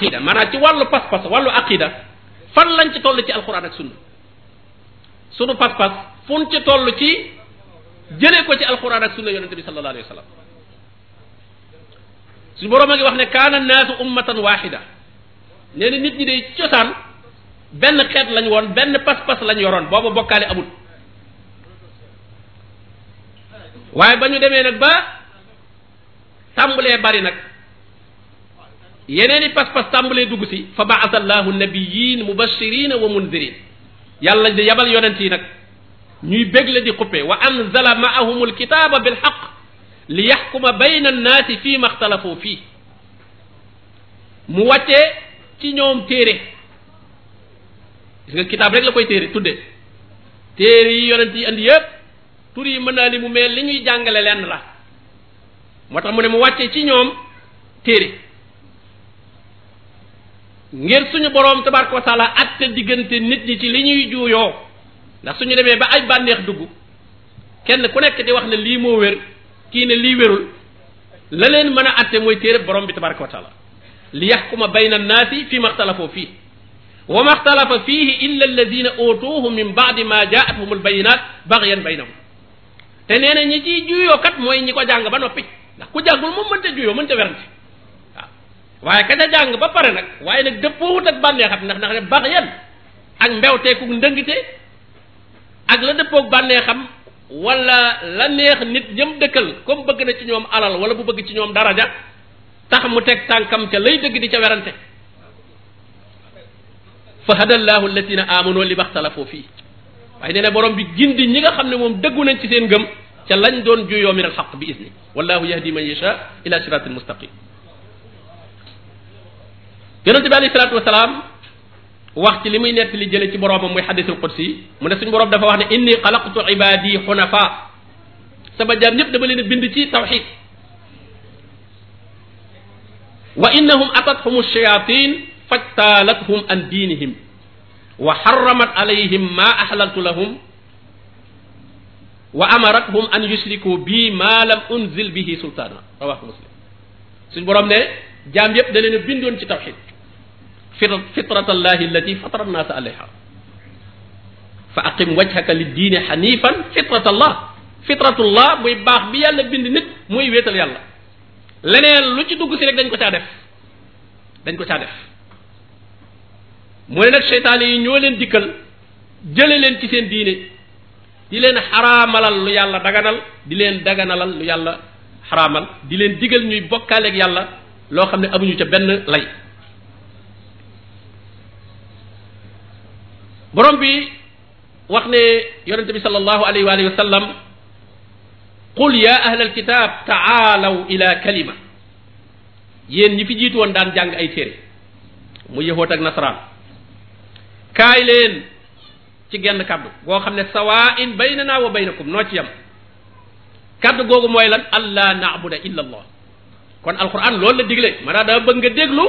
aqida maanaam ci wàllu pas-pas wàllu aqida fan lañ ci toll ci alquran ak sunna sunu pas-pas fun ci toll ci jëlee ko ci alquran ak sunna yonente bi sallallahu alayhi wa su boroom ngi wax ne kaana naasu ummatan waxida nee na nit ñi de cosaan benn xeet lañ woon benn pas-pas lañ yoroon booba bokkaale amul waaye ba ñu demee nag ba tàmbalee bari nag yeneen i pas-pas tàmbalee dugg si fa baasa allahu nabiyin mubashirina wa mundirin yàlla di yabal yonent yi nag ñuy bégle di xuppe wa anzala maahum alkitaba bilxaq li yaxkuma bayna annaasi fii ma xtalafoo fii mu wàccee ci ñoom téere gis nga kitaab rek la koy téere tudde téere yi yonent yi andi yëpp tur yi mën naa li mu mel li ñuy jàngale lenn la moo tax mu ne mu wàccee ci ñoom téere ngir suñu boroom tabaraka wa taala atte diggante nit ñi ci li ñuy juuyoo ndax suñu demee ba ay bànneex dugg kenn ku nekk di wax ne lii moo wér kii ne lii wérul la leen mën a atte mooy téere borom bi tabaraka wa taala li yaxkuma bayna annaasi fi ma xtalafoo fii wa ma xtalafa fiihi illa alladina uutuuhu min baadi ma jaatuhum albayinat baxyan baynahum te nee na ñi ciy juyoo kat mooy ñi ko jàng ba noppi ndax ku jàngul moom mënta juyoo mënta waaye ka ca jàng ba pare nag waaye nag dëppoowut ak bànneexam ndax ndax ne bax yan ak mbewteeku ndëngte ak la dëppoog bànneexam wala la neex nit ñëm dëkkal comme bëgg na ci ñoom alal wala bu bëgg ci ñoom daraja tax mu teg tànkam ca lay dëgg di ca werante fa hadallahu alladina amanu li baxtalafoo fii waaye nee na borom bi gindi ñi nga xam ne moom dëggu nañ ci seen ngëm ca lañ doon juyoo min alxaq bi isni wallahu yahdi man yasha ila siratin mustaqim yonente bi alayhi salaatu wasalaam wax ci li muy nett li jële ci boroomam muy xadisul qudsi mu ne suñu boroom dafa wax ne inni xalaqtu ibadi xunafa sama jaam ñëpp dama leen bind ci tawxid wa innahum atathum shayatin fajtalathum an diinihim wa xaramat alayhim ma ahlaltu lahum wa amarathum an yushriku bi ma lam unzil bihi sultaana rawahu muslim suñ boroom ne jaam yëpp da leen bindoon ci tawxid fitratallahi allati fatara annaasa alayha fa aqim wajhaka li diine bi yàlla bind nit muy wéetal yàlla leneen lu ci dugg si rek dañ ko caa def dañ ko caa def mu ne nag seytaane yi ñoo leen dikkal jële leen ci seen diine di leen xaraamalal lu yàlla daganal di leen daganalal lu yàlla xaraamal di leen digal ñuy bokkaaleeg yàlla loo xam ne amuñu ca benn lay borom bi wax ne yonente bi sallallahu alayhi wa qul ya ahla alkitab taalaw ila kalima yéen ñi fi jiitu woon daan jàng ay téere mu yahoot ak nasaraan kaay leen ci genn kaddu goo xam ne sawaa'in baynana wa baynakum noo ci yam kaddu googu mooy lan allah naabuda illa allah kon daa bëgg nga déglu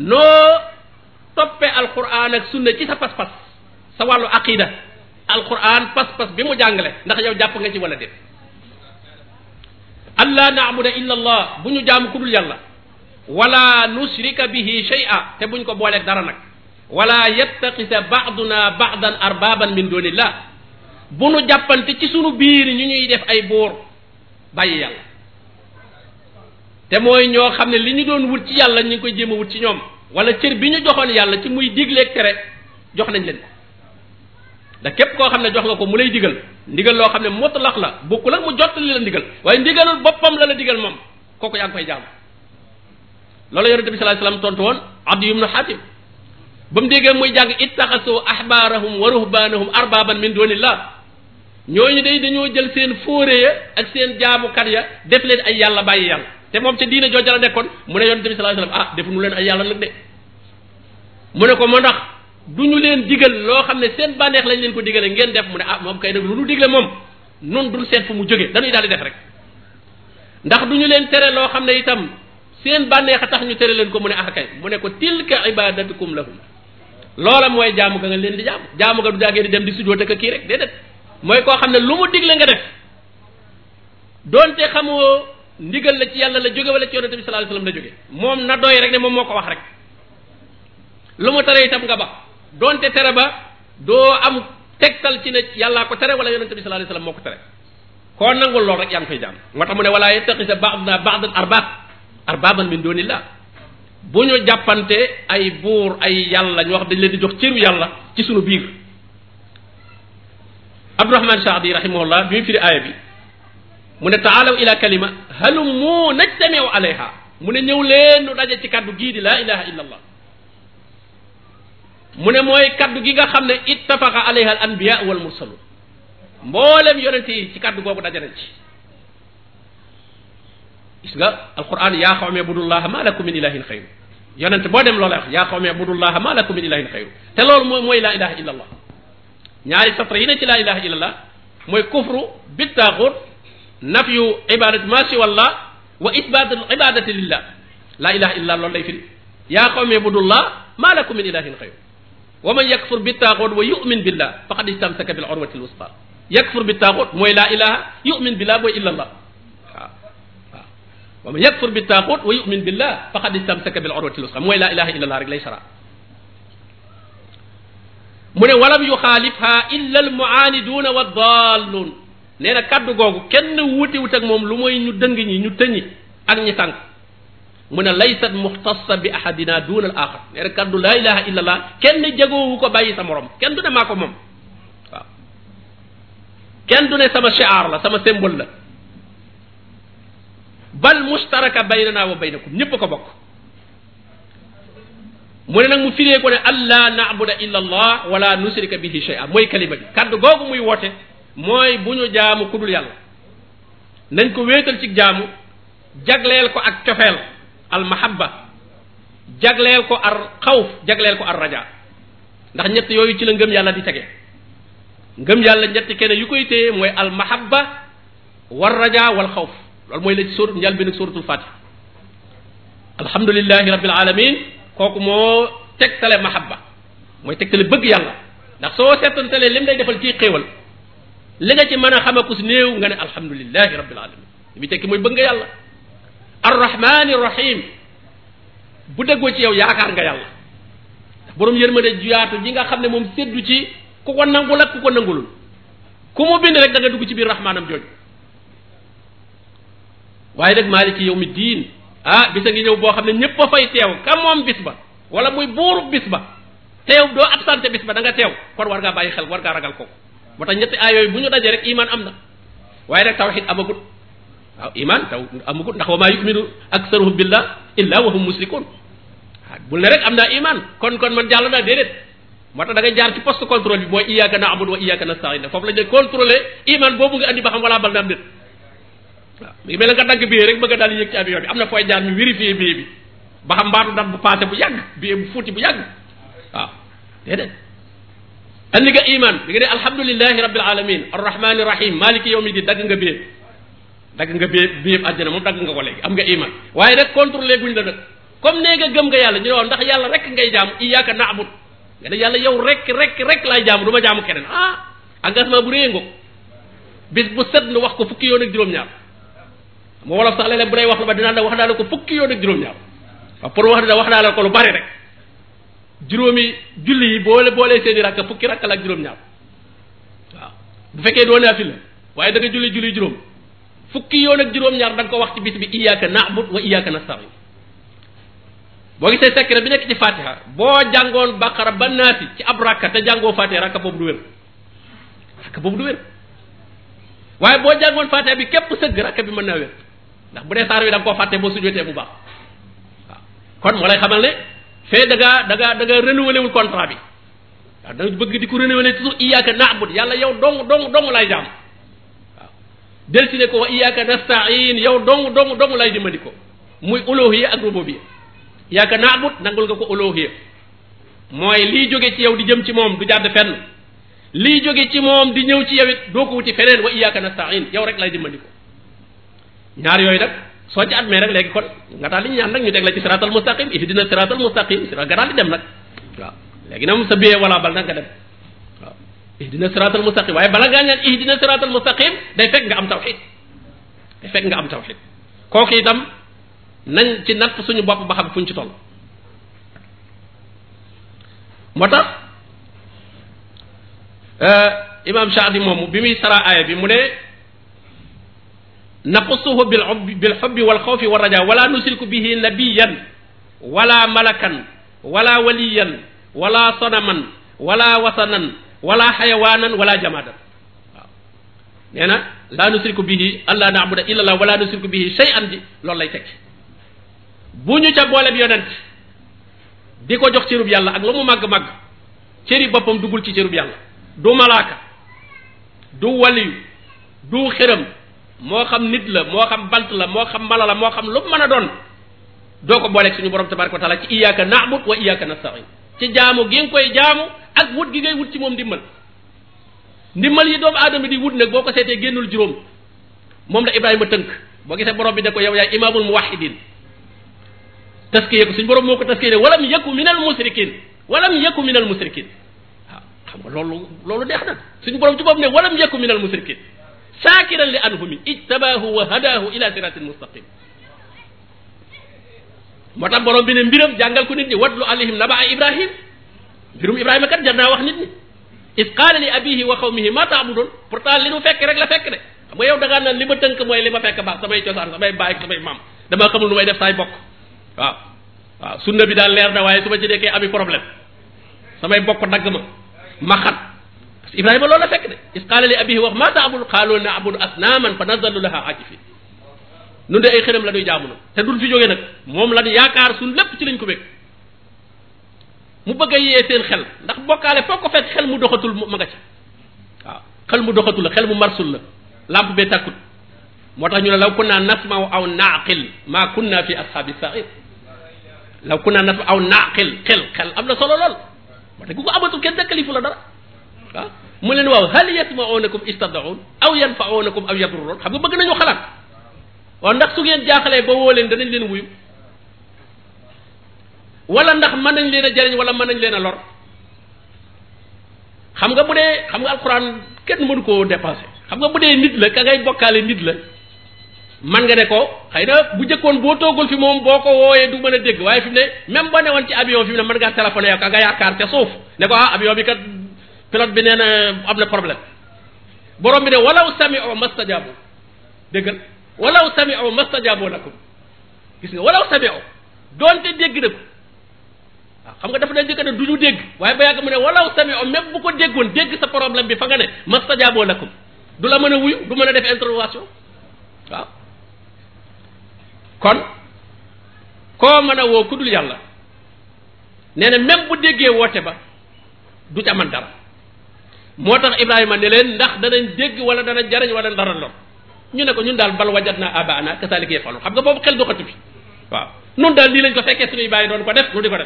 noo toppe alquran ak sunna ci sa pas-pas sa wàllu aqida alquran pas-pas bi mu jàngale ndax yow jàpp nga ci walla déet allah naabuda illa allah bu ñu jaamu ku dul yàlla wala nushrika bihi shay'a te buñ ko booleeg dara nag wala yattaqisa baaduna baadan arbaban min dunillah bu nu jàppante ci sunu biir ñu ñuy def ay buur bàyyi yàlla te mooy ñoo xam ne li ñu doon wut ci yàlla ñu ko koy jéem wut ci ñoom wala cër bi ñu joxoon yàlla ci muy digleeg tere jox nañ leen ko da képp koo xam ne jox nga ko mu lay digal ndigal loo xam ne mutlax la bokkul ak mu jottali la ndigal waaye ndigalul boppam la la digal moom kooku yaa ngi fay jaamu loolu yonente bi sallallahu alayhi wasallam tontu woon Abdi ibn Hatim ba mu déggee muy jàng ittaxasu ahbaarahum wa ruhbaanahum arbaaban min dunillah ñooñu day dañoo jël seen fóore ya ak seen jaamukat ya def leen ay yàlla bàyyi yàlla te moom ca diine jooja la nekkoon mu ne yonent bi sallallahu alayhi wasallam ah defu nu leen ay yàlla nag de mu ne ko moo ndax du ñu leen digal loo xam ne seen bànneex lañ leen ko digale ngeen def mu ne ah moom kay nag lu nu moom nun duñ mu jóge dañuy daal di def rek ndax du leen tere loo xam ne itam seen bànneex a tax ñu tere leen ko mu ne ah kay mu ne ko tilka ibadatukum lahum loola mooy jaamu ga nga leen di jaamu jaamu ga du jaagee di dem di sujjóot ak kii rek déedéet mooy koo xam ne lu mu digle nga def doonte xamoo ndigal la ci yàlla la jóge wala ci yonente bi sallallahu alayhi wasallam la jóge moom na doy rek ne moom moo ko wax rek lu mu tere itam nga ba doonte tere ba doo am tegtal ci ne yàllaa ko tere wala yonente bi sallallahu alayhi wasallam moo ko tere koo nangul lool rek yaa ngi koy jaam moo tax mu ne wala yattaqisa ba'duna ba'dan arbaab arbaaban min dunillah bu ñu jàppante ay buur ay yàlla ñu wax dañ leen di jox cëru yàlla ci sunu biir Abdurahman Saadi rahimahullah bi mu firi bi mu ne taalaw ila kalima halumu najtamiu alayha mu ne ñëw leen nu daje ci kaddu gii di laa ilaha illa allah mu ne mooy kaddu gi nga xam ne ittafaqa alayha al anbiya wal mursalun mboolem yonente yi ci kaddu googu daje nañ ci gis nga alquran yaa xawme budullaha ma lakum min ilahin xayru yonente boo dem loola wax yaa xawme budullaha ma lakum min ilahin xayru te loolu mooy mooy laa ilaha illa allah ñaari satra yi ne ci laa ilaha illa allah mooy kufru bi taaxut nafyu ibadati ma siwa llah wa ithbatu al ibadati lillah la ilaha illa loolu lay firi yaa qawmi ibudullah ma lakum min ilahin xayr wa man yakfur bi taaxoot wa yu'min billah faqad istamsaka bil urwati al wusqa yakfur bi taaxoot mooy laa ilaha yu'min billah mooy illa allah wa man yakfur bi taaxut wa yumin billah faqad istamsaka bil urwati lusqa mooy laa ilaha illa allah rek lay sara mu ne walam yuxaalifha illa almuaaniduuna wa daalluun nee na kàddu googu kenn wuutiwut ak moom lu mooy ñu dëng ñi ñu tëñi ak ñi sànq mu ne laysat muxtassa bi ahadina duna axar nee na kàddu laa ilaha kenn jagoo ko bàyyi sa morom kenn du ne maa moom kenn du ne sama shiar la sama symbole la bal mustaraka baynana wa baynakum ñépp ko bokk mu ne nag mu firee ko ne an laa naabuda illa allah wala nusrika bihi shay'a mooy kalima bi kàddu googu muy woote mooy bu ñu jaamu ku dul yàlla nañ ko wéetal ci jaamu jagleel ko ak cofeel al mahabba jagleel ko ar xawf jagleel ko ar raja ndax ñett yooyu ci la ngëm yàlla di tege ngëm yàlla ñetti keneen yu koy téye mooy al mahabba war raja wal xawf loolu mooy la ci sóorat njàlbéen ak sóoratul fatiha alhamdulillahi rabbil alamin kooku moo tegtale mahabba mooy tegtale bëgg yàlla ndax soo seetantalee lim day defal ci xéewal li nga ci mën a xamaku si néew nga ne alhamdulilahi rabbil alamin li muy tekki mooy bëgg nga yàlla arrahmani rahim bu déggoo ci yow yaakaar nga yàlla borom yërmande juyaatu ji nga xam ne moom séddu ci ku ko nangul ak ku ko nangulul ku mu bind rek da dugg ci biir rahmaanam jooju waaye nag maaliki yow mi diin ah bisa ngi ñëw boo xam ne ñépp a fay teew ka moom bis ba wala muy buuru bis ba teew doo absenté bis ba da nga teew kon war ngaa bàyyi xel war ngaa moo tax ñetti aay yooyu bu ñu dajee rek iman am na waaye rek tawxid amagut waaw iman taw amagut ndax wa maa yuminu aksaruhum billah illa wa hum musrikun bul ne rek am naa iman kon kon man jàll naa déedéet moo tax da ngay jaar ci poste contrôle bi mooy iyyaka na'budu wa iyyaka nasta'in foofu la ñu contrôler iman boobu nga andi ba xam wala bal na am mu ngi mel nga dagg billet rek bëgg a daal yéeg ci am na fooy jaar ñu vérifier billet bi ba xam mbaatu dat bu passé bu yàgg billet bu fuuti bu yàgg waaw andi nga iman bi nga ne alhamdulilahi rabbil alamin arrahmani rahim maliki yawmi di dagg nga béeb dagg nga béeb béeb àjjana moom dagg nga ko léegi am nga iman waaye nag contrôlé guñ la nag comme nee nga gëm nga yàlla ñu ne ndax yàlla rek ngay jaam iyyaka na'bud nga ne yàlla yow rek rek rek laay jaamu du ma jaamu keneen ah engagement bu réy bis bu set nu wax ko fukki yoon ak juróom-ñaar moo wolof sax léeg-léeg wax lu ba dinaa la wax naa ko fukki yoon ak juróom-ñaar waaw pour wax dina wax naa la ko lu bari juróomi julli yi boole boolee seeni rakka fukki rakk laa ak juróom-ñaar waaw bu fekkee doo naafila waaye da nga julli julli juróom fukki yoon ak juróom-ñaar da ko wax ci bis bi iyyaka na'budu wa iyyaka nasta'in boo gisee secret bi nekk ci fatiha boo jàngoon baqara ba naasi ci ab rakka jàngoo fatiha rakka boobu du wér boobu du wér waaye boo bi képp sëgg rakka bi mën naa wér bu dee saar wi da koo fàtte boo sujjotee bu baax kon moo lay xamal ne fee da ngaa da ngaa da ngaa wul contrat bi waaw da bëgg di ko renouveler toujours iyyaka na'bud yàlla yow dong dong dong lay jaam waaw del si yow dong dong dong lay dimbali ko muy uluhiyya ak rububiyya iyyaka na'bud nangul nga ko uluhiyya mooy liy jóge ci yow di jëm ci moom du jàdd fenn liy jóge ci moom di ñëw ci yow it doo ko wuti feneen wa iyyaka nasta'in yow rek lay dimbali ko ñaar yooyu nag soo ci admee rek léegi kon nga daal di ñaan nag ñu teg la ci siratal mustaqim ihdina siratal mustaqim sira nga daal di dem nag waaw léegi nag sa biyee wala bal nag nga dem waaw ihdina siratal mustaqim waaye bala ngaa ñaan ihdina siratal mustaqim day fekk nga am tawxid day fekk nga am tawxid kooku itam ci natt suñu bopp ba xam fuñ ci toll moo tax euh, imam Shaadi moomu bi muy sara aaya bi mu ne naqusuhu bil bil xubbi wal xawfi wa raja wala nusilku bihi nabiyan wala malakan wala waliyan wala sonaman wala wasanan wala xayawaanan wala jamaadan waaw nee na laa nusriku bihi allah wala nusriku bihi bi an ji loolu lay tekki bu ñu ca booleb yonent di ko jox cërub yàlla ak lu màgg-màgg boppam duggul ci cërub yàlla du malaaka moo xam nit la moo xam bant la moo xam mala la moo xam lu man a doon doo ko booleeg suñu borom tabaraka wa taala ci iyyaka na'bud wa iyyaka nasta'in ci jaamu gi nga koy jaamu ak wut gi ngay wut ci moom ndimbal ndimbal yi doomu aadama di wut nag boo ko seetee génnul juróom moom la Ibrahima tënk boo gisee borom bi ne ko yow yaay imaamul muwahhidin taskiyee ko suñu borom moo ko taskiyee ne walam yaku minal musrikin walam yaku minal musrikin waaw xam nga loolu loolu deex nag suñu borom ci boobu ne walam yaku minal musrikin shaakiran li anhumi ijtabaahu wa hadaahu ila siraatin mustaqim moo tax borom bi ne jàngal ko nit ni watlu alayhim nabaa ibrahim mbirum ibrahima kat jar naa wax nit ñi is qaala li abihi wa xawmihi ma taabudoon pourtant li nu fekk rek la fekk de xam nga yow da li ma tënk mooy li ma fekk baax samay cosaan samay baay samay maam dama kam nu may def saay bokk waaw sunna bi daal leer na waaye su ma ci nekkee ami problème samay bokk dagg ma parce que Ibrahima loolu la fekk de is qaala li abihi wax maa taabul qaalu naabudu asnaaman fa nazalu laha aakifin nun de ay xërëm la ñuy te duñ fi jógee nag moom la ñu yaakaar suñ lépp ci lañ ko bëgg mu bëgg a yee xel ndax bokkaale foo ko fekk xel mu doxatul ma nga ca waaw xel mu doxatul la xel mu marsul la lampe bee tàkkut moo tax ñu ne la kunna nasma'u aw naqil maa kunna fi ashabi sa'ir law kunna nasma'u aw naqil xel xel am na solo lool moo tax ku ko amatul kenn dëkkalifu la ah mu leen waaw hal yasma'unakum istad'un aw yanfa'unakum aw yadurrun xam nga bëgg nañu xalaat waaw ndax su ngeen jaaxalee ba woo leen danañ leen wuyu wala ndax mën nañ leen a jariñ wala mën nañ leen a lor xam nga bu dee xam nga alxuraan kenn mënu koo dépassé xam nga bu dee nit la ka ngay bokkaale nit la man nga ne ko xëy na bu jëkkoon boo toogul fi moom boo ko wooyee du mën a dégg waaye fi mu ne même boo newoon ci avion fi ne mën ngaa téléphoné yow ka nga yaakaar te suuf ne ah, pilote bi nee na am na problème borom bi ne walaw sami'u mastajaabu déggal walaw sami'u mastajaabu lakum gis nga walaw doon doonte dégg na ko waaw ah, xam nga dafa ne njëkk ne du ñu dégg waaye ba yàgg mu ne walaw sami'u même bu ko déggoon dégg sa problème bi fa nga ne mastajaabu lakum du la mën a wuyu du mën a def intervention waaw kon koo mën a woo ku dul yàlla nee na même bu déggee woote ba du ca dara moo tax Ibrahima ne leen ndax danañ dégg wala dana jariñ wala dana lor ñu ne ko ñun daal bal wajat naa abaana kasaalika yafalu xam nga boobu xel doxatu bi waaw noonu daal lii lañ ko fekkee suñuy bàyyi doon ko def nu di ko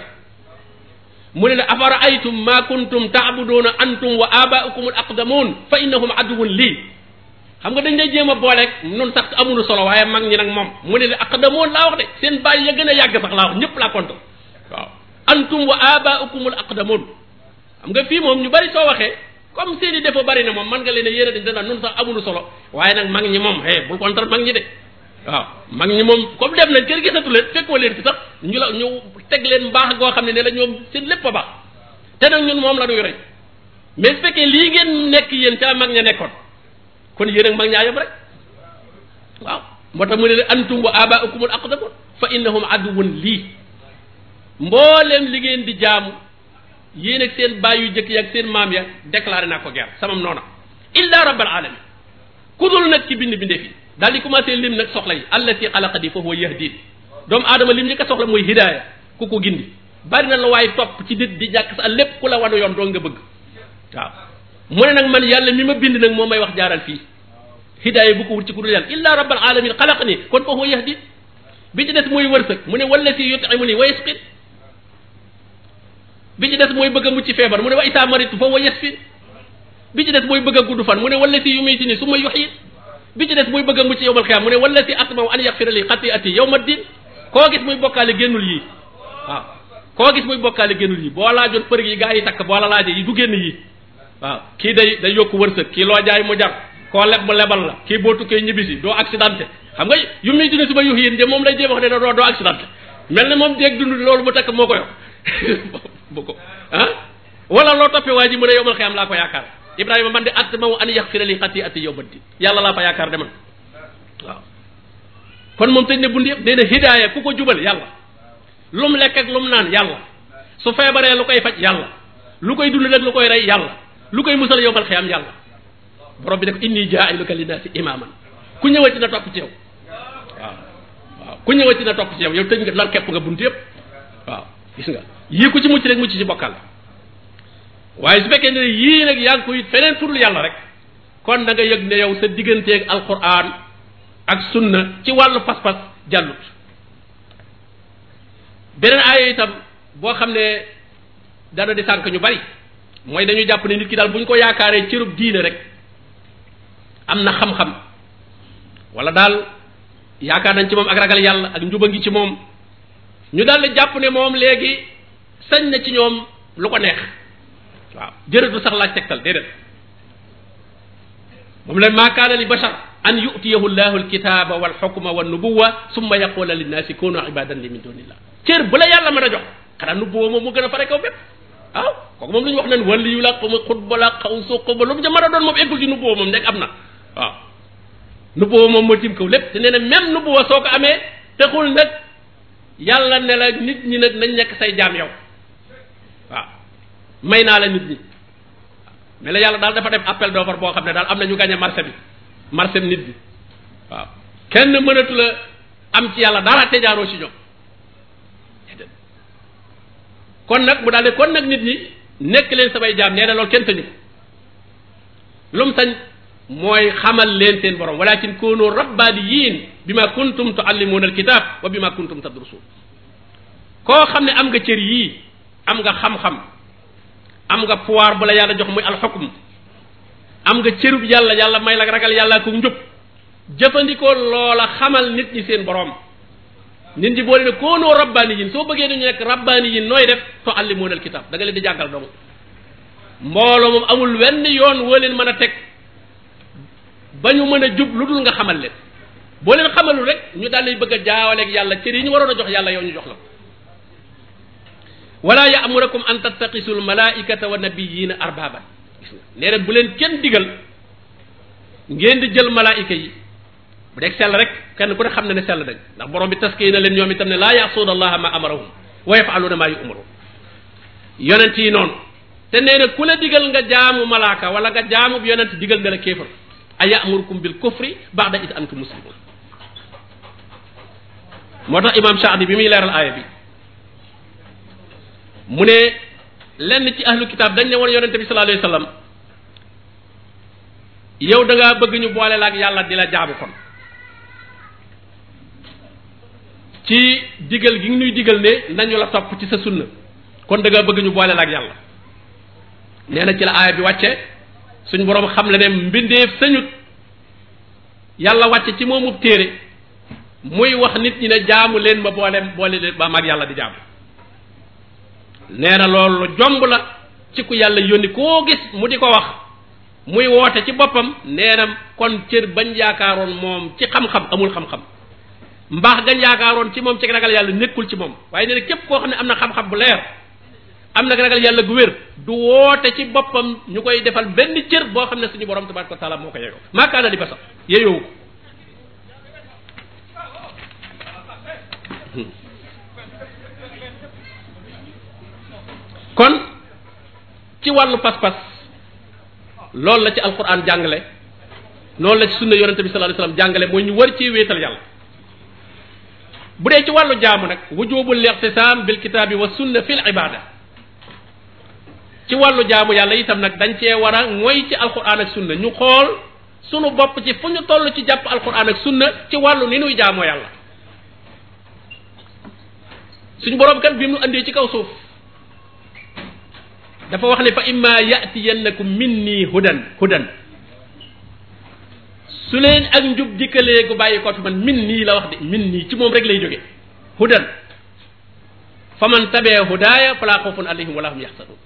mu ne la afara aytum ma kuntum taabuduuna antum wa abaukum al aqdamuun fa innahum aduwun lii xam nga dañ lay jéem a booleeg noonu sax amul solo waaye mag ñi nag moom mu ne la aqdamuun laa wax de seen bàyyi ya a ñëpp laa kontu waaw antum wa abaukum al xam nga fii moom ñu bari soo waxee comme seen i bari na moom mën nga leen a yéene dañ danaan nun sax amulu solo waaye nag mag ñi moom eh bul kontar mag ñi de waaw mag ñi moom comme dem nañ kër gisatu leen fekkoo leen fi sax ñu la ñu teg leen mbaax goo xam ne ne la seen lépp a baax te moom la ñuy roy mais fekkee lii ngeen nekk yéen ca mag ña nekkoon kon yéen ak mag ñaa yem rek waaw moo tax mu ne antum wa abaukumul aqdamun fa innahum aduwun lii mboolem li ngeen di jaamu yéen ak seen baay yu jëkk yi ak seen maam ya déclaré naa ko guerre samam noona illa rabbal alamin ku dul nag ci bind bindee fi daal di commencé lim nag soxla yi allati xalaqani fa huwa yahdin doomu aadama lim njëkk a soxla mooy hidaaya ko gindi bari na la waaye topp ci nit di jàkk lépp ku la wanu yoon doo nga bëgg waaw mu ne nag man yàlla mi ma bind nag moo may wax jaaral fii hidaaya bu ko ci ku dul yàlla illa rabbal alamin kon fa huwa yahdin bi ci des mooy wërsëg mu ne wallati yut'imuni wa yasqin bi ci des mooy bëgg a ci feebar mu ne wa isaa maritu fa wa yasfin des mooy bëgg a gudd fan mu ne wala si yumitini summa yuhyi bi ci des mooy bëgg a mucc yowmal xiyaam mu ne wala si asmau an yaxfira li xati'ati yowma din koo gis muy bokkaale génnul yi waaw koo gis muy bokkaale génnul yi boo laajoon për yi gaa yi takk boo la laaje yi du génn yi waaw kii day day yokku wërsëg kii loo jaay mu jar koo leb mu lebal la kii boo tukkee ñibbisi doo accidenté xam nga yu muy dina su ma yuxi yéen moom lay jéem ne doo doo accidenté mel moom déeg dund loolu mu takk moo bu wala loo toppee waa ji mu ne yomal laa ko yaakaar Ibrahima man de at ma an yaxfira li xati'ati yawma din yàlla laa fa yaakaar de man waaw kon moom tëj ne bunt yëpp nee hidaaya ku ko jubal yàlla lu lekk ak lu mu naan yàlla su feebaree koy faj yàlla lu koy dund ak lu koy rey yàlla lu koy musal yowmal xiyam yàlla borom bi ne ko inni jaa'iluka linnaasi imaaman ku ñëwati na topp ci yow waaw waaw ku ñëwati na topp ci yow yow tëj nga lar képp nga bunt yëpp waaw gis nga yii ku ci mucc rek mucc ci bokkal waaye su fekkee ne yii nag koy feneen fudul yàlla kon da nga yëg ne yow sa digganteeg alquran ak sunna ci wàllu pas-pas jàllut beneen aaya itam boo xam ne dana di sànq ñu bari mooy dañu jàpp ne nit ki daal bu ñu ko yaakaaree cërub diine rek am na xam-xam wala daal yaakaar nañ ci moom ak ragal yàlla ak njuba ngi ci moom ñu daal di jàpp ne moom léegi sañ na ci ñoom lu ko neex waaw jërëtul sax laaj tegtal déedéet moom la maa kaana li bashar an yutiyahu llahu alkitaba walxukma wannubuwa summa yaqula linnaasi kunu ibadan li min dunillah cër bu la yàlla mën a jox xanaa nubuwa moom mu gën a fare kaw bépp waaw kooku moom lu ñu wax nan wàlli yu la xaw ma xutba la xaw suuq lu mu ca mën doon moom eggul ci nubuwa moom nekk am na moom moo tiim kaw lépp te nee na même nubuwa soo ko amee taxul nag yàlla ne la nit ñi nag nañ nekk say jaam yow waaw may naa la nit ñi mais la yàlla daal dafa dem appel d'offre boo xam ne daal am na ñu gagné marché bi marché bi nit bi waaw kenn mënatu am ci yàlla dara te jaaroo si ñoom kon nag mu daal kon nag nit ñi nekk leen samay jaam nee na loolu kenn sañu ko mooy xamal leen seen borom walakin kunu rabbaniyin bima kuntum tuallimuna alkitab wa bima kuntum tadrusun koo xam ne am nga cër yii am nga xam-xam am nga pouvoir bu la yàlla jox muy alxukum am nga cërub yàlla yàlla may la ragal yàlla ko njub jëfandikoo loola xamal nit ñi seen borom nit ñi boole leen koonoo rabbaani yin soo bëggee dañu nekk rabbaani nooy def to allimuuna alkitab da nga leen di jàngal dong mbooloo moom amul wenn yoon woo leen mën a teg ba ñu mën a jub lu dul nga xamal leen boo leen xamalul rek ñu daal lay bëgg a jaawaleeg yàlla cër yi ñu waroon a jox yàlla yow ñu jox la ko wala yaamurakum an tattaqisul malaikata wa nabiyina arbaba gis nga nee na bu leen kenn digal ngeen di jël malaayika yi bu rek kenn ku xam na ne sell dañ ndax borom bi taskee na leen ñoom itam ne laa yasuuna allaha ma amarahum wa yafaluuna maa yu'maruun yonent yi noonu te nee ku la digal nga jaamu malaaka wala nga jaamu yonent digal na la ayamurukum bil kufri ba'da id antum muslimun moo tax imam Saadi bi muy leeral aaya bi mu ne lenn ci ahlu kitaab dañ ne woon yonente bi sallallahu alayhi yow da bëgg ñu boole la ak yàlla di la jaamu kon ci diggal gi ñuy nuy digal ne nañu la topp ci sa sunna kon da bëgg ñu boole la ak yàlla nee na ci la aaya bi wàcce suñ boroom xam le ne mbindeef sañut yàlla wàcc ci moomub téere muy wax nit ñi ne jaamu leen ma boole boole leen ba mag yàlla di jaamu nee na loolu jomb la ci ku yàlla yónni koo gis mu di ko wax muy woote ci boppam nee na kon cër bañ yaakaaroon moom ci xam-xam amul xam-xam mbaax gañ yaakaaroon ci moom ci ragal yàlla nekkul ci moom waaye nee na képp koo xam ne am na xam-xam bu leer am na ragal yàlla gu wér du woote ci boppam ñu koy defal benn cër boo xam ne suñu borom tabaraka wa taala moo ko yeyoo maakaana li basa yeyoo kon ci wàllu pas-pas loolu la ci alquran jàngale loolu la ci sunna yonente bi sallallahu alayhi wasallam jàngale mooy ñu wër ci wéetal yàlla bu dee ci wàllu jaamu nag wujubul iqtisam bil kitaabi wa sunna fil ibada ci wàllu jaamu yàlla itam nag dañ cee war a mooy ci alquran ak sunna ñu xool sunu bopp ci fu ñu toll ci jàpp alquran ak sunna ci wàllu ni nuy jaamoo yàlla suñu borom kat bi mu andee ci kaw suuf dafa wax ne fa imma min minni hudan hudan su leen ak njub dikkalee gu bàyyi ko fi man min nii la wax de min nii ci moom rek lay jóge hudan fa man tabee hudaaya falaa xawfun alayhim wala hum yaxsanun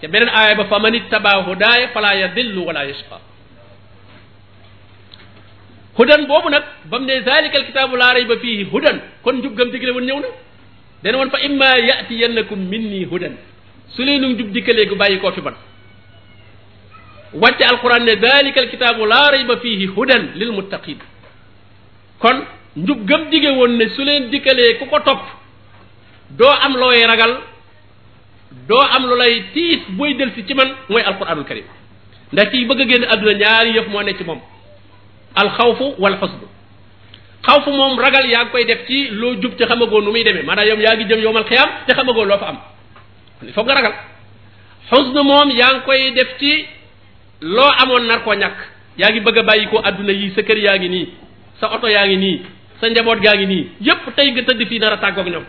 ca beneen aaya ba fa man ittabaa hudaaya fala yadillu wala yashqa hudan boobu nag ba mu ne zalika alkitaabu laa rayba fiihi hudan kon njub gam digle woon ñëw na dana woon fa imma yatiyannakum minni hudan su leenu njub dikkalee gu bàyyi koo fi man wàcce alquran ne dalika alkitaabu laa rayba fiihi hudan lil muttaqin kon njub gëm dige woon ne su leen dikkalee ku ko topp doo am looy ragal doo am lu lay tiis booy del ci man mooy alquranul karim ndax ciy bëgg a génn àdduna ñaari yëf moo nekk ci moom alxawfu wala xasdu xawfu moom ragal yaa ngi koy def ci loo jub te xamagoo nu muy demee maanaam yow yaa ngi jëm yowmal xiyaam te xamagoo loo fa am il nga ragal xusnu moom yaa ngi koy def ci loo amoon nar koo ñàkk yaa ngi bëgg a bàyyi ko àdduna yi sa kër yaa ngi nii sa oto yaa ngi nii sa njaboot gaa ngi nii yépp tey nga tëdd fii nar a tàggoog ñoom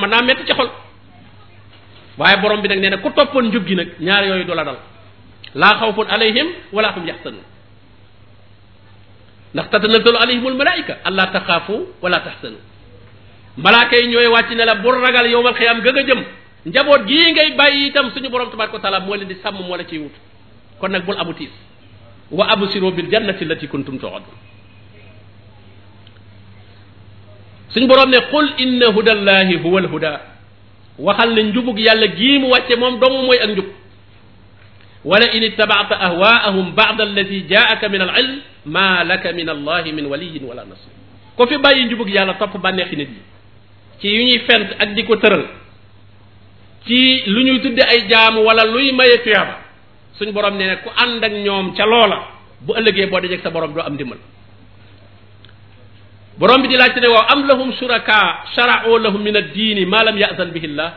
mën naa metti ci waaye borom bi nag nee na ku toppoon njub gi nag ñaar yooyu du la dal laa xawfun alayhim wala hum yaxsanun ndax tatanazzalu alayhimul malaayika allaa taxaafu wala taxsanu malaaka yi ñooy wàcc ne la bu ragal yowmal xiyaam gëg a jëm njaboot gii ngay bàyyi itam suñu borom tabaraka wa taala moo di sàmm moo la kon nag bul amu tiis bi absiru bil jannati allati kuntum tuadun suñu borom ne qul inna hudallahi huwa alhuda waxal ne njubug yàlla gii mu wàcce moom dong mooy ak njub wala in ittabaata ahwaahum baada alladi jaaka min al ilm maa laka min allahi min waliyin wala nasir ko fi bàyyi njubug yàlla topp bànneexi nit yi ci yu ñuy fent ak di ko tëral ci lu ñuy tudde ay jaamu wala luy may tuyaaba suñ borom nee ne ku ànd ak ñoom ca loola bu ëllëgee boo dajeg sa borom doo am dimmal borom bi di laajte ne waaw am lahum suraka shara'u lahum min ad-diini maalam ya ya'zan bihi llah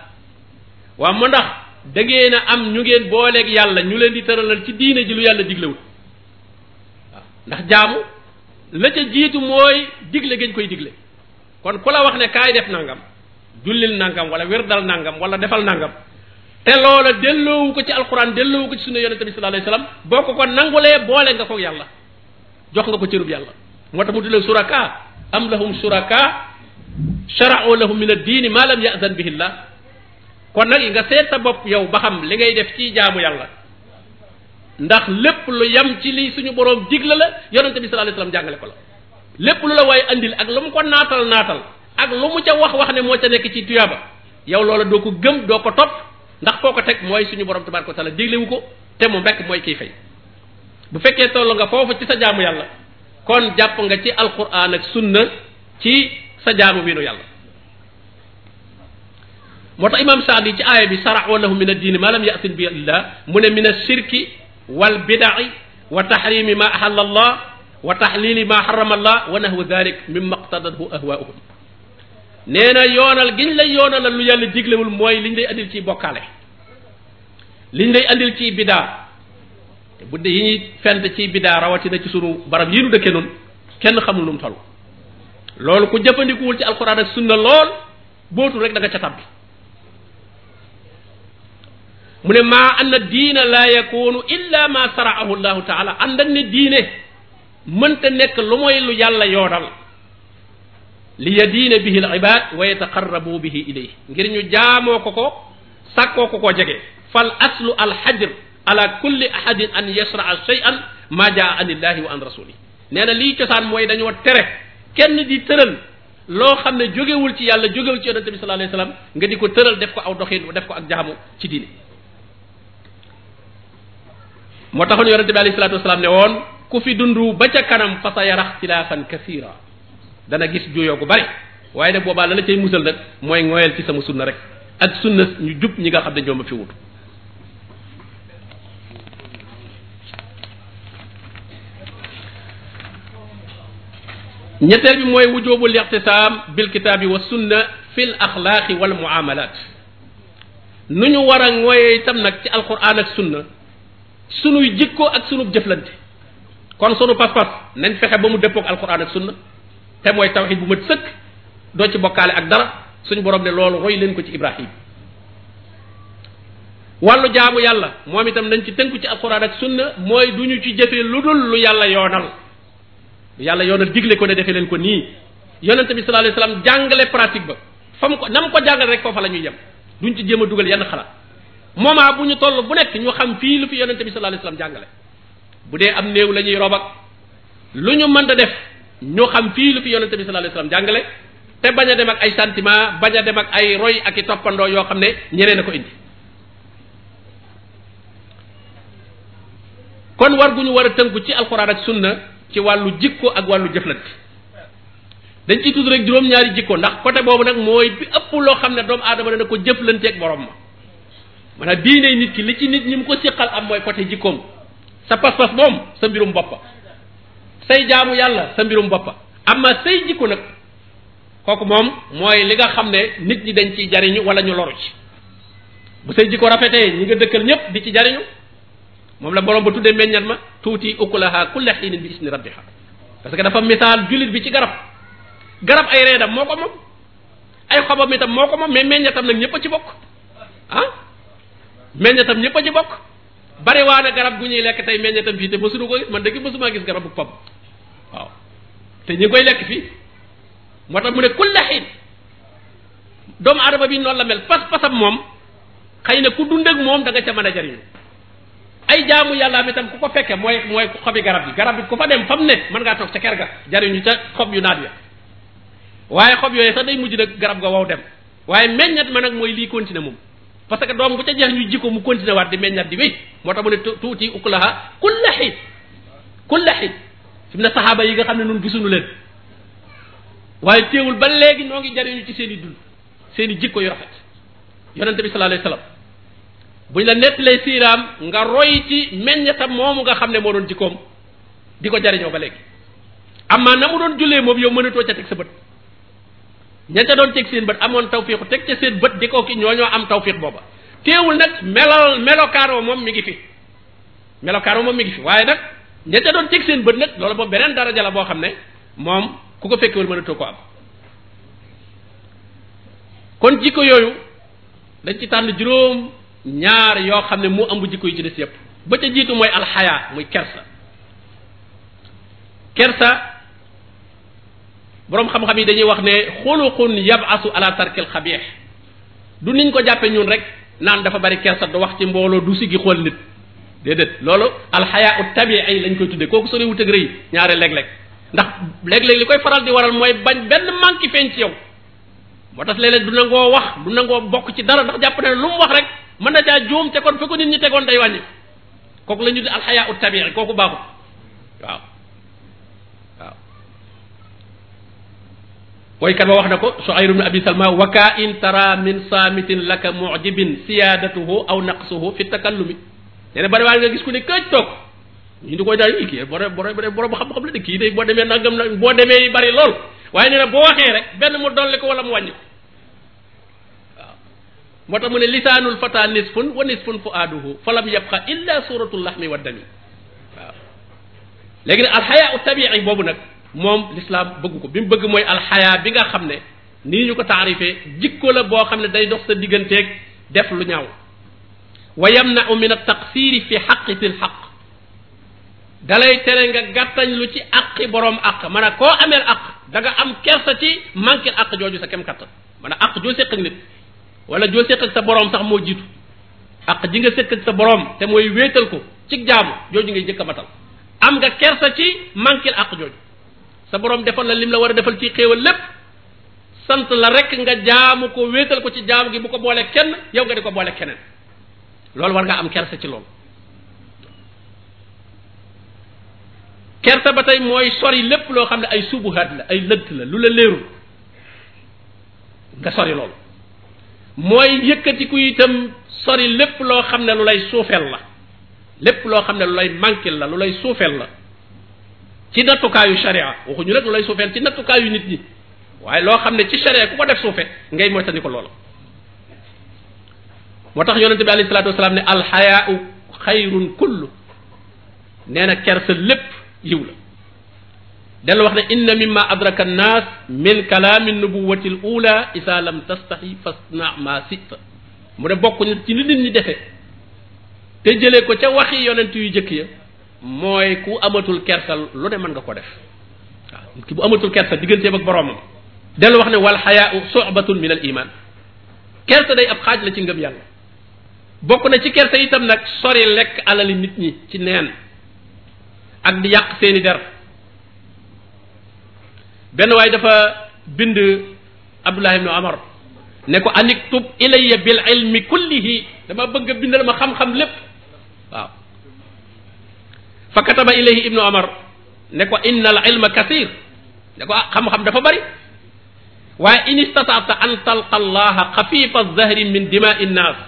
waaw mu ndax da ngeen am ñu ngeen booleek yàlla ñu leen di tëralal ci diine ji lu yàlla diglewut ndax jaamu la ca jiitu mooy digle gañ koy digle kon ku la wax ne kaay def nangam jullil nangam wala wérdal nangam wala defal nangam te loola delloowu ko ci alquran delloowu ko ci sunna yonente bi sallallahu alayhi boo ko ko nangulee boole nga ko yàlla jox nga ko cërub yàlla am lahum shuraka shara'u lahum min ad-diini ma lam ya'zan la Allah kon nag nga seet sa bopp yow ba xam li ngay def ci jaamu yàlla ndax lépp lu yam ci li suñu boroom digle la yonente bi sallallahu alayhi wasallam jàngale ko la lépp lu la waaye andil ak lu mu ko naatal naatal ak lu mu ca wax wax ne moo ca nekk ci tuyaaba yow loola doo ko gëm doo ko topp ndax foo ko teg mooy suñu boroom tabaraka wa taala diglewu ko te mu mbekk mooy kii fay bu fekkee toll nga foofu ci sa jaamu yàlla kon jàpp nga ci alquran ak sunna ci sa jaamu bi nu yàlla moo tax imam saadi ci aaya bi saraxoo lahu min addiini ma lam yatin bi illah mu ne min ashirki wal bidaci wa taxrimi ma axal allah wa ma xarama allah wa nee na yoonal giñ lay yoonalal lu yàlla diglewul mooy liñ lay andil ciy bokkaale liñ lay andil ciy bidaa bu dee yi fent ci bidaa rawatina ci sunu barab yi nu dëkke noonu kenn xamul nu mu toll loolu ku jëfandikuwul ci alxuraan ak sunna lool bootul rek da nga ca tabbi mu ne maa anna diina laa yakunu illa ma saraahu llahu taala àndan ne diine mënta nekk lu mooy lu yàlla yoonal li yadiina bihi al ibad wa yataqarrabu bihi ilayhi ngir ñu jaamoo ko ko sàkkoo ko koo jege fal aslu al xajr ala kulli ahadin an yasraa shay'an maa jaa an illahi wa an rasuli nee na lii cosaan mooy dañoo tere kenn di tëral loo xam ne jógewul ci yàlla jógewul ci yonente bi sallallahu alayhi nga di ko tëral def ko aw doxin def ko ak jaamu ci diine moo taxoon yonente bi woon ku fi ba ca kanam fa sa yara ixtilaafan kasira dana gis juyoo gu bari waaye nag boobaa la la cay musal nag mooy ngooyal ci sama sunna rek ak sunna ñu jub ñi nga xam ne ñoom ma fi wut ñetteel bi mooy wujubul iqtisaam bil kitaabi wa sunna fil axlaaqi wal muamalat nu ñu war a ngooyee itam nag ci alquran ak sunna sunuy jikko ak sunu jëflante kon sunu pas-pas nañ fexe ba mu dëppoog alquran ak sunna te mooy tawxid bu mat sëkk doo ci bokkaale ak dara suñu borom ne loolu roy leen ko ci ibrahim wàllu jaamu yàlla moom itam nañ ci tënku ci alquran ak sunna mooy du ñu ci jëfe lu dul lu yàlla yoonal yàlla yoonal digle ko ne defee leen ko nii yonente bi sallallahu alayhi wasallam jàngale pratique ba fa mu ko na mu ko jàngale rek foofa la ñuy yem duñ ci jéem a dugal yenn xalaat moment bu ñu toll bu nekk ñu xam fii lu fi yonente bi sallallahu alayhi wasallam jàngale bu dee am néew la ñuy rob ak lu ñu mën def ñu xam fii lu fi yonente bi sallallahu alayhi wasallam jàngale te bañ a dem ak ay sentiment bañ a dem ak ay roy ak i toppandoo yoo xam ne ñeneen a ko indi kon war gu ñu war a tënku ci alxuraan ak sunna ci wàllu jikko ak wàllu jëflante dañ ciy tudd rek juróom-ñaari jikko ndax côté boobu nag mooy bi ëpp loo xam ne doomu aadama na ko jëflanteeg boroom ma bii diine nit ki li ci nit ñi mu ko siqal am mooy côté jikkoom sa pas-pas moom sa mbirum boppa say jaamu yàlla sa mbirum boppa amma say jikko nag kooku moom mooy li nga xam ne nit ñi dañ ciy jariñu wala ñu loru ci bu say jikko rafetee ñi nga dëkkal ñëpp di ci jariñu moom la boroom ba tuddee meññat ma tuuti ukulaha kulla xiinin bi ismi rabbiha parce que dafa misaal jullit bi ci garab garab ay reedam moo ko moom ay xobam itam moo ko moom mais meññatam nag ñëpp a ci bokk ah meññatam ci bokk bari waa garab gu ñuy lekk tey meññatam fii te mësuñu ko man dëgg mësumaa gis garabu pom waaw te ñi koy lekk fii moo tax mu ne kulla xiin doomu adama bi noonu la mel pas-pasam moom xëy na ku dund ak moom da nga ca mën a jariñu ay jaamu yàllaam itam ku ko fekkee mooy mooy xobi garab gi garab gi ku fa dem fa mu ne mën ngaa toog ca ker ga jariñu ca xob yu naat ya waaye xob yooyu sax day mujj nag garab nga wow dem waaye meññat ma nag mooy lii continuer moom parce que doom bu ca jeex ñu ji ko mu continuer waat di meññat di wéy moo tax mu ne tuuti ukulaha kulla xiin kulla xiin fi mu ne saxaaba yi nga xam ne nun gisuñu leen waaye teewul ba léegi noo ngi jariñu ci seen i dund seen i jikko yu rafet yonente bi sallallahu alayhi buñ la nettalee siiraam nga roy ci meññetam moomu nga xam ne moo doon jikkoom di ko jariñoo ba léegi amma na mu doon jullee moom yow mënatoo ca teg sa bët ña ca doon teg seen bët amoon tawfiixu teg ca seen bët di ko ki ñoo ñoo am tawfiix booba teewul nag melo melokaaroo moom mi ngi fi melokaaroo moom mi ngi fi waaye nag ña doon teg seen bët nag loolu boobu beneen daraja la boo xam ne moom ku ko fekkewul mënatoo ko am kon jikko yooyu dañ ci tànn juróom ñaar yoo xam ne mu ëmb jikko yi ci des yépp ba ca jiitu mooy alxayaa muy kersa kersa boroom xam-xam yi dañuy wax ne xuluqun yabasu ala tarkil xabiix du niñ ko jàppe ñun rek naan dafa bari kersa du wax ci mbooloo du siggi xool nit déedéet loolu alxayaa ut tabii lañ koy tuddee kooku soriwut ak rëy ñaare léeg-léeg ndax léeg-léeg li koy faral di waral mooy bañ benn manque feeñ ci yow moo tax léeg du nangoo wax du nangoo bokk ci dara ndax jàpp ne lu rek mën na caa juum te kon fa ko nit ñi tegoon day wàññi kooku la ñu di alxayaa ut tabi'i kooku baaxut waaw waaw woykat ba wax na ko Suhayr ibn Abi Salma wa kaa in tara min saamitin laka mu'jibin siyaadatuhu aw naqsuhu fi takallumi nee na bari waa nga gis ku ne këj toog ñu di koy daal i kii boro boro borom xam-xam la de kii day boo demee nangam na boo demee yi bari lool waaye nee na boo waxee rek benn mu dolli ko wala mu wàññi moo tax mu ne lisaanul fata nisfun wa nisfun fu aaduhu falam yabqa illa suratul lahmi wa dami waaw léegi nag alxayaa u boobu nag moom l'islam bëgg ko bi mu bëgg mooy alxayaa bi nga xam ne nii ñu ko taarifee jikko la boo xam ne day dox sa digganteeg def lu ñaaw wa yamna'u min at-taqsiri fi xaqitil xaq dalay tere nga gàttañ lu ci aqi boroom aq man a koo ameel aq da nga am kersa ci manqué aq jooju sa kem kattan man a aq joo séq ak nit wala joo séq sa boroom sax moo jiitu ak ji nga séq sa borom te mooy wéetal ko ci jaamu jooju ngay jëkk a matal am nga kersa ci manquil ak jooju sa borom defal la lim la war a defal ci xéewal lépp sant la rek nga jaamu ko wéetal ko ci jaamu gi bu ko boole kenn yow nga di ko boole keneen loolu war nga am kersa ci loolu kersa ba tey mooy sori lépp loo xam ne ay subuhaat la ay lënt la lu la léerul nga sori loolu mooy yëkkatiku itam sori lépp loo xam ne lu lay suufeel la lépp loo xam ne lu lay manquil la lu lay suufeel la ci nattukaayu sharia waxuñu rek lu lay suufeel ci nattukaayu nit ñi waaye loo xam ne ci sharia ku ko def suufe ngay moytandi ko loola moo tax yonente bi alayhi salaatu wasalaam ne alxayaau xayrun kullu nee na kersa lépp yiw la del wax ne inna mimma adraka annaas min kalaami nubuwati l ula isa lam tastaxi fasna ma sita mu ne bokk na ci li nit ñi defe te jëlee ko ca waxi yonent yu jëkk ya mooy ku amatul kersal lu ne mën nga ko def waaw nit ki bu amatul kersal digganteem ak boroomam del wax ne wal xayaau sobatun min al iman kersa day ab xaaj la ci ngëm yàlla bokk na ci kersa itam nag sori lekk alali nit ñi ci neen ak di yàq seeni der benn waaye dafa bind Abdullah ibn Omar ne ko aniktub ilayya bil ilmi kullihi dama bëgg a bindal ma xam-xam lépp waaw fa kataba ilayhi ibnu Omar ne ko inna al ilma kasir ne ko ah xam-xam dafa bari waaye in istataata an talqa allaha xafifa alzahri min dimai nnaas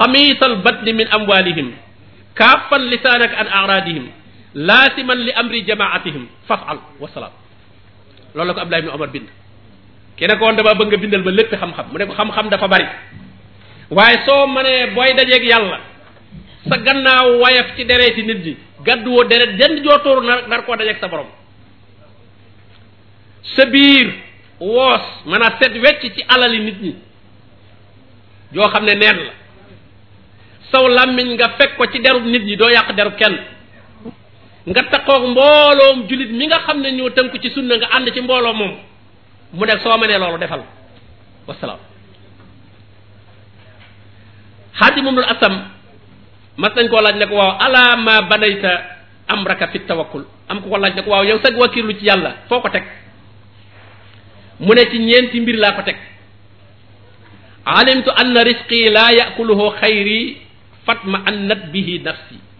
xamiisa albatni min amwalihim kaafan lisaanaka an aradihim laasiman li amri jamaatihim fafal wasalaam loolu la ko Abdullah ibn Omar bind ki ne ko woon damaa bëgg nga bindal ma lépp xam-xam mu ne ko xam-xam dafa bari waaye soo mënee booy dajeek yàlla sa gannaaw wayaf ci yi nit ñi gàdduwoo deret jënd jootóoru nar nar koo dajeeg sa borom sa biir woos mën a set wecc ci alali nit ñi joo xam ne neen la saw làmmiñ nga fekk ko ci derub nit ñi doo yàq derub kenn nga takkoog mbooloom jullit mi nga xam ne ñoo tënku ci sunna nga ànd ci mbooloo moom mu ne soo mënee loolu defal wasalaam xaati moom lu asam mas nañ koo laaj ne ko waaw ala ma banayta am raka fi tawakkul am ko ko laaj ne ko waaw yow sag wakiirlu ci yàlla foo ko teg mu ne ci ñeenti mbir laa ko teg alimtu anna risqi la yakuluhu xayri fatma annat bihi nafsi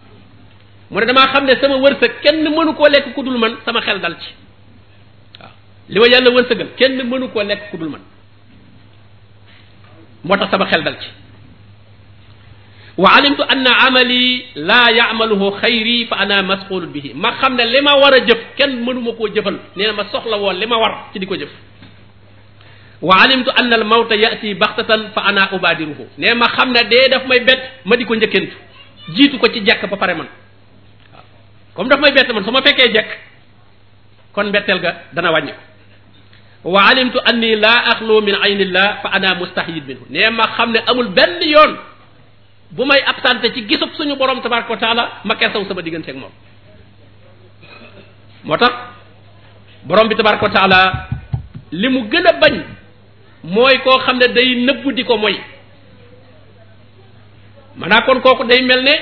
mu ne damaa xam ne sama wërsëg kenn mënu koo lekk ku dul man sama xel dal ci waaw li ma yàlla wërsëgal kenn mënu koo lekk ku dul man moo tax sama xel dal ci wa alimtu anna amali laa yaamaluhu xayri fa ana masxulun bihi ma xam ne li ma war a jëf kenn mënuma koo jëfal nee na ma soxla woon li ma war ci di ko jëf wa alimtu anna al mawta yati baxtatan fa ana ubaadiruhu nee ma xam ne dee daf may bett ma di ko njëkkentu jiitu ko ci jàkk ba pare man comme daf may bett man su ma fekkee jekk kon mbetteel ga dana wàññi wa alimtu anni laa axlu min aynillah fa ana mustahid minhu nee ma xam ne amul benn yoon bu may absenté ci gisub suñu borom tabaraka wa taala ma kersaw sama diggante moom moo tax borom bi tabaraka wa taala li mu gën a bañ mooy koo xam ne day nëbbu di ko moy maanaa kon kooku day mel ne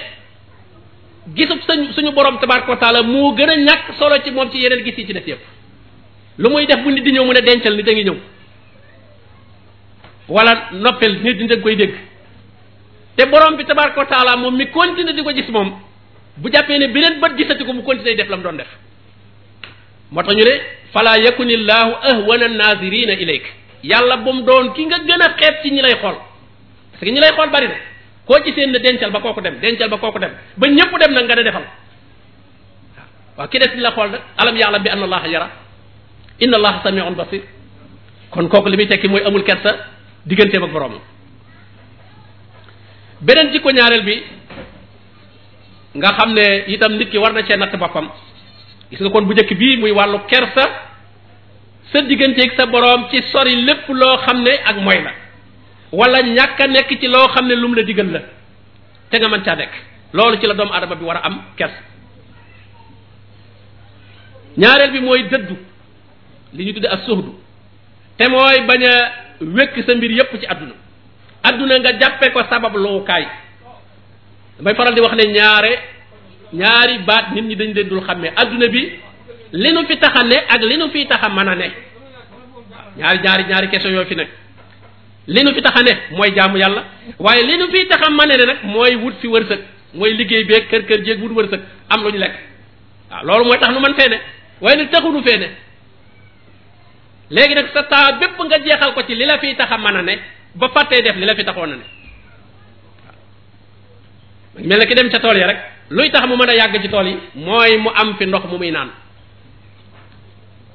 gisub sañ suñu borom tabaraka wa taala moo gën a ñàkk solo ci moom ci yeneen gis yi ci def yëpp lu muy def bu nit di ñëw mu ne dencal nit a ngi ñëw wala noppel nit ñi koy dégg te borom bi tabaraka wa taala moom mi continuer di ko gis moom bu jàppee ne beneen bët gisati ko mu continuer def la mu doon def moo tax ñu ne fala yakuni llahu ahwana nazirina ilayk yàlla bu mu doon ki nga gën a xeeb ci ñi lay xool parce que ñi lay xool bari na koo ci seen ne dencal ba kooku dem dencal ba kooku dem ba ñëpp dem nag nga ne defal waaw waaw ki des di la xool nag alam ya'lam bi anna allaha yara inna allaha sami'un basir kon kooku li muy tekki mooy amul kersa digganteem ak borom beneen jikko ñaareel bi nga xam ne itam nit ki war na cee natt boppam gis nga kon bu njëkk bii muy wàllu kersa sa digganteeg sa borom ci sori lépp loo xam ne ak mooy la wala ñàkk a nekk ci loo xam ne lu mu la diggan la te nga mën caa nekk loolu ci la doomu adama bi war a am kers ñaareel bi mooy dëddu li ñu tudde ak suxdu te mooy bañ a wékk sa mbir yépp ci àdduna àdduna nga jàppe ko sabab lookaay damay faral di wax ne ñaare ñaari baat nit ñi dañ leen dul xàmmee àdduna bi li nu fi tax ne ak li nu fiy tax a mën a ne ñaari ñaari ñaari question yoo fi nekk li nu fi tax a ne mooy jaamu yàlla waaye li nu fiy tax a mane ne nag mooy wut fi wërsëg mooy liggéey beeg kër kër jéeg wut wërsëg am lu ñu lekk waaw loolu mooy tax nu man fee ne waaye nag taxunu fee ne léegi nag sa temps bépp nga jeexal ko ci li la fi tax a mën a ne ba fàttee def li la fi taxoon a ne mel na ki dem ca tool yi rek luy tax mu mën a yàgg ci tool yi mooy mu am fi ndox mu muy naan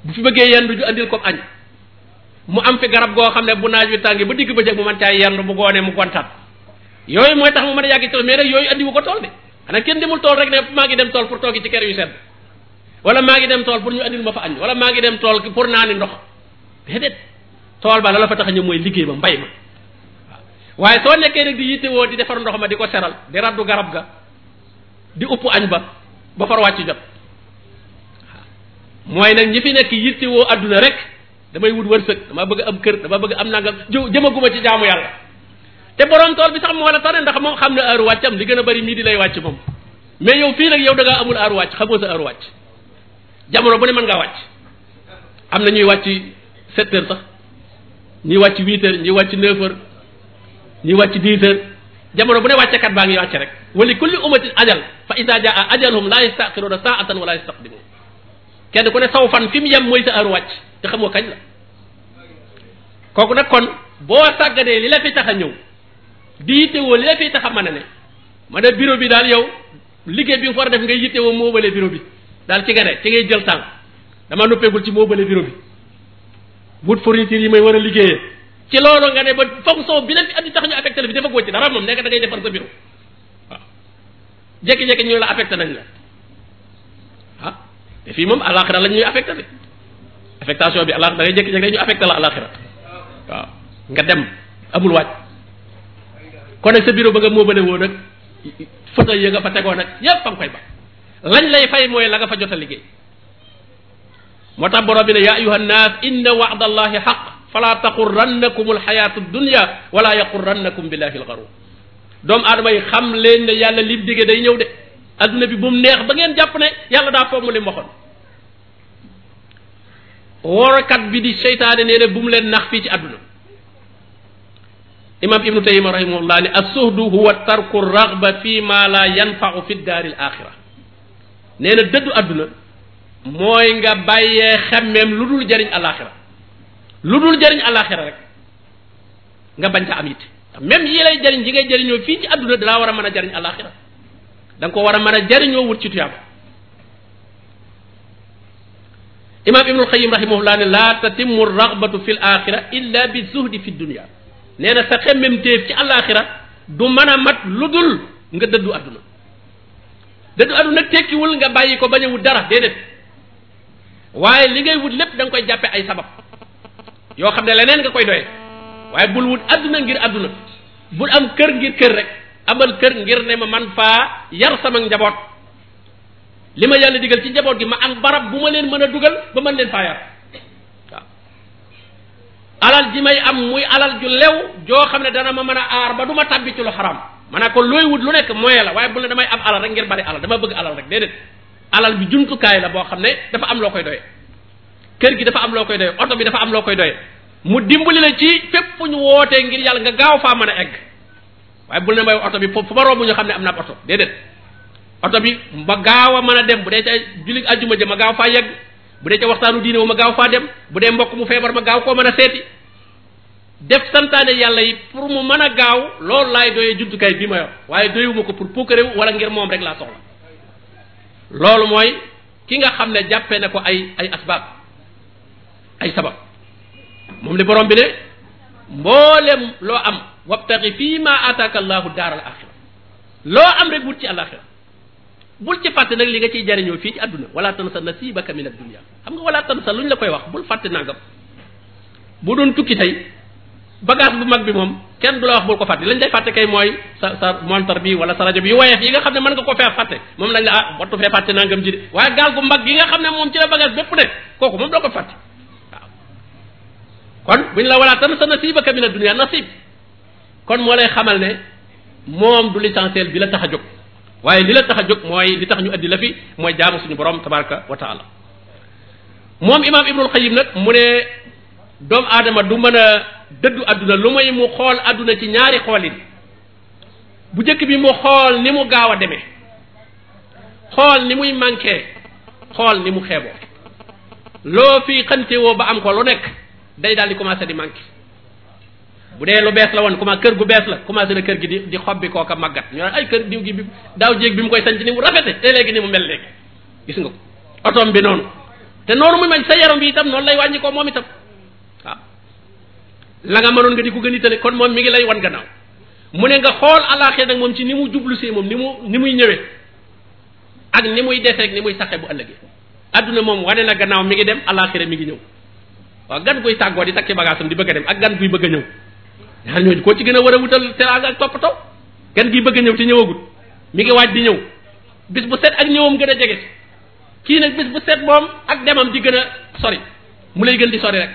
bu fi bëggee yendu ju andil ko añ mu am fi garab goo xam ne bu naaj wi tàngi ba digg bëccëg mu mën caa yendu bu goonee mu kontaan yooyu mooy tax mu mën a yàgg ci tool mais rek yooyu ko tool bi xanaa kenn tool rek ne maa ngi dem tool pour toogi wala maa ngi dem tool pour ñu andil ma fa añ wala maa ngi dem tool pour naani ndox déedéet tool ba la la fa tax ñëw mooy liggéey ba mbay ma waaw waaye soo nekkee nag di di defar ndox ma di ko seral di raddu garab ga di upp añ ba ba far wàcc jot mooy nag ñi fi nekk yittewoo àdduna rek damay wut wërsëg damaa bëgg am kër damaa bëgg am nangam jë jëmaguma ci jaamu yàlla te borom tool bi sax moo la ndax moom xam ne heure wàccam li gën mii di lay wàcc moom mais yow fii nag yow da amul aaru wàcc xamoo sa heure wàcc jamono bu ne man ngaa wàcc am na ñuy wàcc sept heures sax ñuy wàcc huit heures ñuy wàcc neuf heures ñuy wàcc dix heures jamono bu ne wàccekat baa ngi wàcce rek wali kulli ummatin ajal fa ida jaa ajaluhum la yastaxiruna saatan wala yastaqdimun kenn ku ne saw fan fi mu yem mooy sa heure wàcc te xamoo kañ la kooku nag kon boo sàgganee li la fi tax a ñëw di yittewoo li la fi tax a mën a ne ma ne bureau bi daal yow liggéey bi nga war a def ngay yittewoo moo bële bureau bi daal ci nga ne ci ngay jël temps dama noppeegul ci moo bële biro bi wut fourniture yi may war a liggéeyee ci loolu nga ne ba fonction bi la fi andi tax ñu affecté la bi dafa ci dara moom nekk da ngay defar sa bureau waaw jékki-jékki ñu la affecté nañ la ah te fii moom alaxira la ñuy affecté de affectation bi alaxira da ngay jékki-jékki rek ñu affecté la alaxira waaw nga dem amul waaj kon nag sa bureau ba nga moobale woon nag fauteuil ya nga fa tegoon nag yépp fa nga koy ba lañ lay fay mooy la nga fa jot a liggéey moo tax borom bi ne yaa ayuha nnaas inna wa'dallahi xaq fala taxurrannakum alxayatu dunya wala yaxurrannakum billahi alxarur doomu aadama yi xam leen ne yàlla lim dige day ñëw de adduna bi bu mu neex ba ngeen jàpp ne yàlla daa fomm li mu waxoon worokat bi di seytaane nee na bu mu leen nax fii ci àdduna imam ibnu tayima rahimahullah ne assuhdu huwa tarku raghba fi ma la yanfau fi daaril axira nee na dëddu adduna mooy nga bàyyee xemmeem lu dul jariñ alaxira lu dul jariñ alaxira rek nga bañ ca am it même yi lay jariñ yi ngay jariñoo fii ci àdduna dalaa war a mën a jariñ alaxira danga ko war a mën a jariñoo wut ci tuyaaba imam ibnul xayim rahimahullah laa tatimmu ragbatu fi l illa bi zuhdi fi dunia nee na sa xemmemtéef ci àllaaxira du mën a mat lu dul nga dëddu adduna dëddu adduna tekkiwul nga bàyyi ko bañ wut dara déedéet waaye li ngay wut lépp danga koy jàppe ay sabab yoo xam ne leneen nga koy doyee waaye bul wut adduna ngir adduna bul am kër ngir kër rek amal kër ngir ne ma man faa yar sama njaboot li ma yàlla digal ci njaboot gi ma am barab bu ma leen mën a dugal ba mën leen faa yar alal ji may am muy alal ju lew joo xam ne dana ma mën a aar ba du ma tàbbi ci lu xaram ma ne ko looy wut lu nekk moyen la waaye bu la damay am alal rek ngir bari alal dama bëgg alal rek déedéet alal bi jumtukaay la boo xam ne dafa am loo koy doye kër gi dafa am loo koy doye oto bi dafa am loo koy doye mu dimbali la ci fépp fu ñu wootee ngir yàlla nga gaaw faa mën a egg waaye bul ne may oto bi foofu fu ma romb ñu xam ne am naa oto déedéet oto bi ma gaaw a mën a dem bu dee ca julli ajjuma ja ma gaaw faa yegg bu dee ca waxtaanu diine ma gaaw faa dem bu dee mbokk mu feebar ma gaaw koo mën a seeti def santaane yàlla yi pour mu mën a gaaw loolu laay doyee jumtukaay bi ma yor waaye doyewuma ko pour puukarewu wala ngir moom rek laa soxla loolu mooy ki nga xam ne jàppee na ko ay ay asbaab ay sabab moom li borom bi ne mboolem wabtaxi fii ma ataaka allahu daaral axira loo am rek wut ci alaxira bul ci fàtte nag li nga ciy jariñoo fii ci àdduna wala tansa nasibaka min ad-dunya xam nga wala tansa lu ñu la koy wax bul fàtte nangam bu doon tukki tey bagage bu mag bi moom kenn du la wax bul ko fàtte lañ lay fàtte mooy sa sa montar bi wala sa bi yu woyeef nga xam ne mën nga ko fee fàtte moom lañ la ah wattu fee fàtte nangam ji de waaye gaal nga xam ne moom ci la bagage kooku moom doo ko fàtte kon bu ñu la wala tansa nasibaka min ad-dunya kon moo lay xamal ne moom du l'essentiel bi la tax a jóg waaye li la tax a jóg mooy li tax ñu ëddi la fi mooy jaamu suñu borom tabaraka wa taala moom imaam Ibnul Qayyim nag mu ne doomu aadama du mën a dëddu àdduna lu may mu xool adduna ci ñaari xoolin bu njëkk bi mu xool ni mu gaaw a demee xool ni muy manqué xool ni mu xeeboo loo fi woo ba am ko lu nekk day daal di commencé di manqué bu dee lu bees la woon commencé kër gu bees la commencé na kër gi di di xob bi kooka màggat ñu ay kër diw gi bi daaw jéeg bi mu koy sanc ni mu rafete te léegi ni mu mel léegi gis nga ko otoom bi noonu te noonu muy mel sa yaram bi itam noonu lay wàññi moom itam waaw la nga mënoon nga di ko gën itale kon moom mi ngi lay wan gannaaw mu ne nga xool alaaxee nag moom ci ni mu jublu see moom ni mu ni muy ñëwee ak ni muy deseeg ni muy saxe bu ëllëgee adduna moom wane na gannaaw mi ngi dem alaaxira mi ngi ñëw waaw gan guy tàggoo di takki bagaasam di bëgg dem ak gan guy bëgg ñëw ñaar ñooñu koo ci gën a war a wutal teraanga ak toppatoo gan gi bëgg a ñëw te ñëwagut mi ngi waaj di ñëw bis bu set ak ñëwam gën a jege kii nag bis bu set moom ak demam di gën a sori mu lay gën di sori rek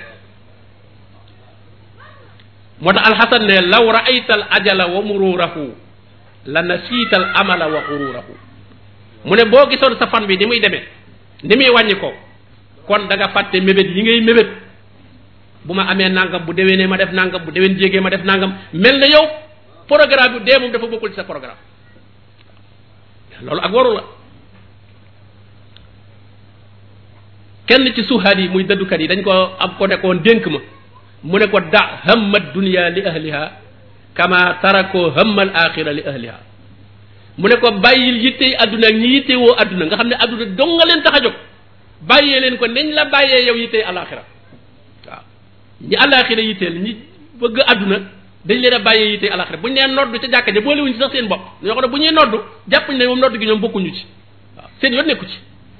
moo tax alxasan ne law raayta al ajala wa mururahu la nasiita al amala wa xururahu mu ne boo gisoon sa fan bi ni muy deme ni muy wàññi ko kon danga nga fàtte mébét yi ngay mébét bu ma amee nangam bu déwénee ma def nangam bu déwén jéegee ma def nangam mel na yow programme yu dee moom dafa bokkul ci sa programme loolu ak waru la kenn ci suuxaat yi muy dëddukat yi dañ ko am ko nekkoon dénk ma mu ne ko da hamma dunia li ahliha kama tarako hamma al li ahliha mu ne ko bàyyil yittey àdduna ak ñi yittewoo àdduna nga xam ne àdduna dong nga leen tax a jóg bàyyee leen ko nañ la bàyyee yow yittey alaxira ñi àllaaxira yitteel ñi bëgg àdduna dañ leen a bàyyee yitte àllaaxira bu ñu nee nodd ca jàkka ja boolewuñ ci sax seen bopp dañoo ko ne bu ñuy nodd jàppuñ ne moom nodd gi ñoom bokkuñu ci waaw seen nekku ci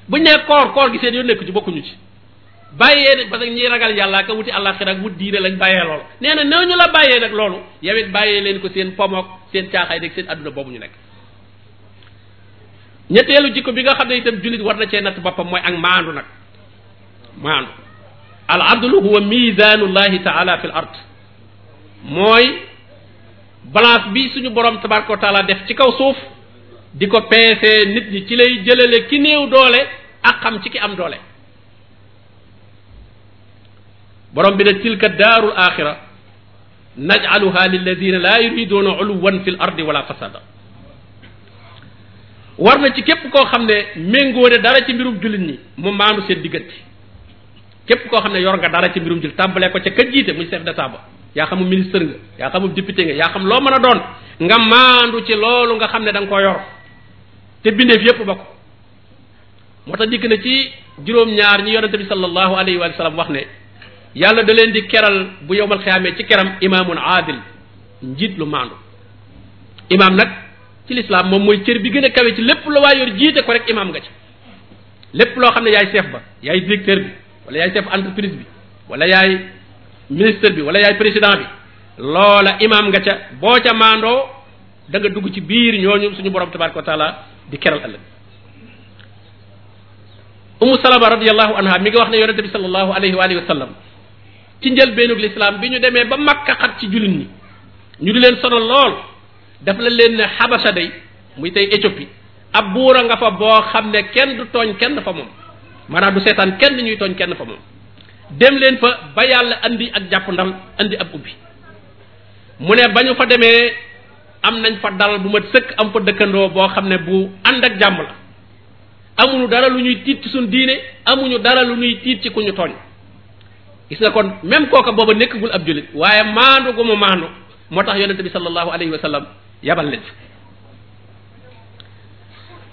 bu ñu nee koor gi seen yoon ci bokkuñu ci bàyyee parce que ñiy ragal yàlla ka wuti àllaaxira ak wut diine lañ bàyyee nee na noo ñu la bàyyee nag loolu yow it leen ko seen pomook seen caaxaay rek àdduna boobu ñu nekk jikko bi nga xam ne itam jullit na cee natt boppam mooy ak maandu nag maandu al adlu huwa mizanullahi taala fi l ard mooy balance bi suñu borom tabaraka wa taala def ci kaw suuf di ko peesee nit ñi ci lay jëlale ki néew doole ak xam ci ki am doole borom bi ne tilka daarul axira naj'aluha lilladina laa yuriduna uluwan fi l ardi wala war na ci képp koo xam ne méngoo ne dara ci mbirum jullit ñi mu maanu seen diggante képp koo xam ne yor nga dara ci mbirum jul tàmbalee ko ca ka jiite muy chef d'état ba yaa xamul ministre nga yaa xamul député nga yaa xam loo mën a doon nga maandu ci loolu nga xam ne danga koo yor te bindeef yépp ba moo tax dikk na ci juróom-ñaar ñi yonente bi sallallahu alayhi wa sallam wax ne yàlla da leen di keral bu yowmal xiyaamee ci keram imaamun aadil njiit lu maandu imaam nag ci lislaam moom mooy cër bi gën a kawe ci lépp la waa yor jiite ko rek imaam nga ci lépp loo xam ne yaay chef ba yaay directeur bi wala yaay chef entreprise bi wala yaay ministre bi wala yaay président bi loola imaam nga ca boo ca maandoo da dugg ci biir ñooñu suñu borom tabaraka wa taala di keral ëllëg umu salama radiallahu anha mi nga wax ne yonente bi salallahu alayhi wa alihi wa sallam ci njëlbéenug lislaam bi ñu demee ba makka xat ci jullit ñi ñu di leen sonal lool daf la leen ne xabasa day muy tey Éthiopie ab buura nga fa boo xam ne kenn du tooñ kenn fa moom maanaam du seetaan kenn ñuy tooñ kenn fa moom dem leen fa ba yàlla andi ak jàpp ndal andi ab ubbi mu ne ba ñu fa demee am nañ fa dal bu ma sëkk am fa dëkkandoo boo xam ne bu ànd ak jàmm la amuñu dara lu ñuy tiit ci suñ diine amuñu dara lu ñuy tiit ci ku ñu tooñ gis nga kon même kooka booba nekkagul ab jullit waaye maandu gu mu maandu moo tax yonente bi sallallahu alayhi wa sallam yabal leen fa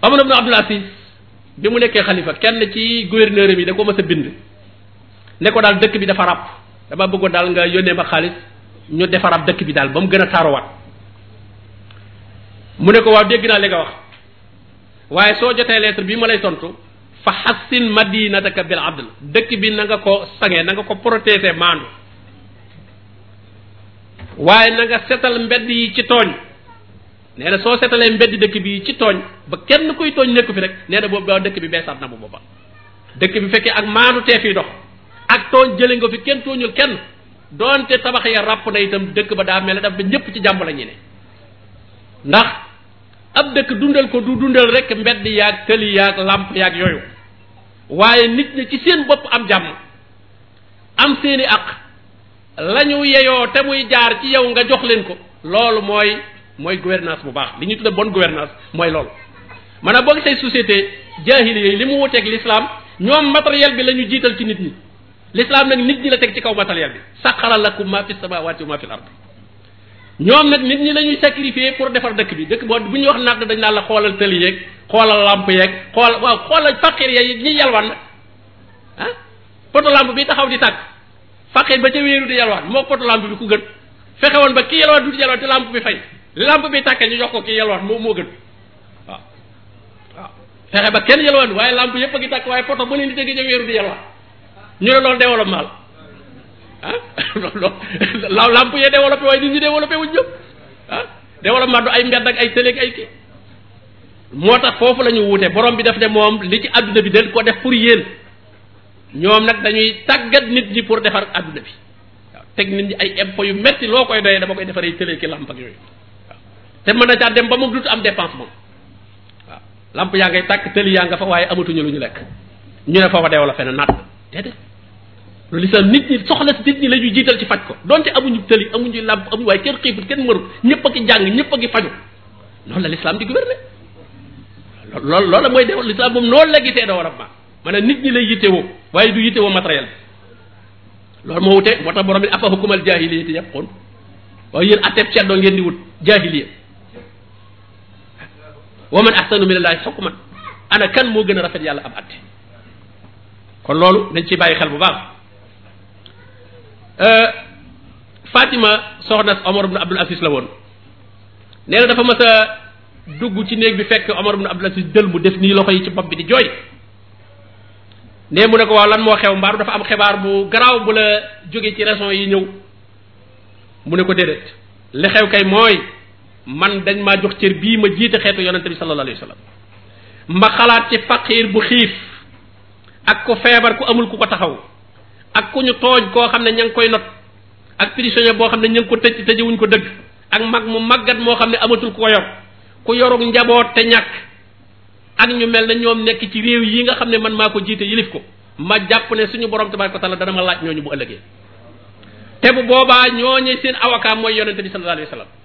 Omar ibn Abdul Aziz bi mu nekkee xalifa kenn ci gouverneur bi da ko mës a bind ne ko daal dëkk bi dafa ràpp dama bëggoon daal nga yónnee ma xaalis ñu defaraat dëkk bi daal ba mu gën a taaruwaat mu ne ko waaw dégg naa li nga wax waaye soo jotee lettre bi ma lay tontu fa xassin madinataka bil adl dëkk bi na nga ko sange na nga ko protéger maandu waaye na nga setal mbedd yi ci tooñ nee na soo seetalee mbedd dëkk bi ci tooñ ba kenn kuy tooñ nekku fi rek nee na boobu dëkk bi beesaat na bu boobaa dëkk bi fekkee ak maanu teef yi dox ak tooñ jële nga fi kenn tooñul kenn doonte tabax ya ràpp na itam dëkk ba daa mel ne daf ba ñëpp ci jàmm la ne ndax ab dëkk dundal ko du dundal rek mbedd yaag tëli yaag làmp yaag yooyu waaye nit ñi ci seen bopp am jàmm am seeni aq la ñu yeyoo te muy jaar ci yow nga jox leen ko loolu mooy mooy gouvernance bu baax li ñu tudde bonne gouvernance mooy loolu maanaam boo gisee société jaahili yooyu li mu wuteeg lislaam ñoom matériel bi la ñu jiital ci nit ñi lislaam nag nit ñi la teg ci kaw matériel bi saqara lakum ma fi samawati ma fi l ard ñoom nag nit ñi la ñuy sacrifier pour defar dëkk bi dëkk boo bu ñu wax naat dañ naan la xoolal tëli yeeg xoolal lamp yeeg xool waaw xoolal faqir yeeg ñi yalwaan ah poto lamp bi taxaw di tàkk faqir ba ca wéeru di yalwaan moo poto lamp bi ku gën fexewoon woon ba ki yalwaan du di yalwaan te lamp bi lamp bi tàkkee ñu jox ko ki yelwaan moo moo gën waaw waaw fexe ba kenn yelwaan waaye làmp yëpp a ngi tàkk waaye poto ba leen di tëgg ca wéeru di yelwaan ñu ne loolu développement la ah lamp yee développé waaye nit ñi développé wuñ ñëpp ah développement du ay mbedd ak ay tëleeg ay kii moo tax foofu lañu ñu borom bi def ne moom li ci adduna bi dañ ko def pour yéen ñoom nag dañuy tàggat nit ñi pour defar adduna bi waaw teg nit ñi ay impôts yu metti loo koy doyee dama koy defaree tëlee ki ak yooyu te mën na caa dem ba mu dut am dépense moom waaw lamp yaa ngay tàkk tëli yaa nga fa waaye amatuñu lu ñu lekk ñu ne foofa deew la feneen naat déedéet lu lislaam nit ñi soxla si nit ñi la ñuy jiital ci faj ko donte amuñu tëli amuñu làmp amuñu waaye kenn xiifut kenn mërut ñëpp a ki jàng ñëpp a ki faju noonu la lislaam di gouverner lool la mooy deew lislaam moom noonu la gitee doo rabba maanaam nit ñi lay yittewoo waaye du yittewoo matériel loolu moo wute moo tax borom bi afa hukumal jaahiliyati yabqun waaye yéen atteb ceddo ngeen di wut jaahiliya wa man ahsanu minallahi man ana kan moo gën a rafet yàlla am atte kon loolu dañ ciy bàyyi xel bu baax euh, Fatima soxna Omar ibn Abdul Aziz la woon nee dafa mas a dugg ci néeg bi fekk Omar ibn Abdul Aziz dël mu def nii loxo yi ci bopp bi di jooy nee mu ne ko waaw lan moo xew mbaaru dafa am xibaar bu garaaw bu la jóge ci raison yi ñëw mu ne ko déedéet li xew kay mooy man dañ maa jox cër bii ma jiite xeetu yonente bi sallallahu alayhi wa sallam ma xalaat ci faqiir bu xiif ak ko feebar ku amul ku ko taxaw ak ku ñu tooj koo xam ne ña ngi koy not ak prisonnier boo xam ne ña ko tëj tëjewuñ ko dëgg ak mag mu màggat moo xam ne amatul ku ko yor ku yorug njaboot te ñàkk ak ñu mel na ñoom nekk ci réew yi nga xam ne man maa ko jiite yilif ko ma jàpp ne suñu borom tabaraka wa taala dana ma laaj ñooñu bu ëllëgee te bu boobaa ñoo seen avocat mooy yonente bi sallallahu alayhi wa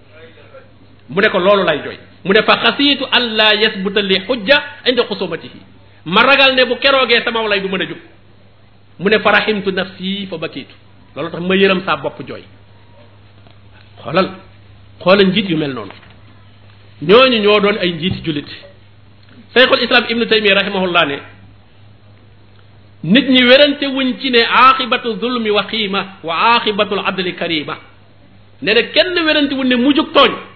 mu ne ko loolu lay jooy mu ne fa xasiitu allah yasbuta li xujja inda xusumatihi ma ragal ne bu keroogee sama lay du mën a jub mu ne fa rahimtu nafsi fa bakiitu loolu tax ma yërëm saa bopp jooy xoolal xoolal njiit yu mel noonu ñooñu ñoo doon ay njiiti jullit sayxul islam ibnu taymiya rahimahullah ne nit ñi werante wuñ ci ne aaxibatu zulmi waxiima wa aaxibatu adli karima nee na kenn werante ne mu mujjug tooñ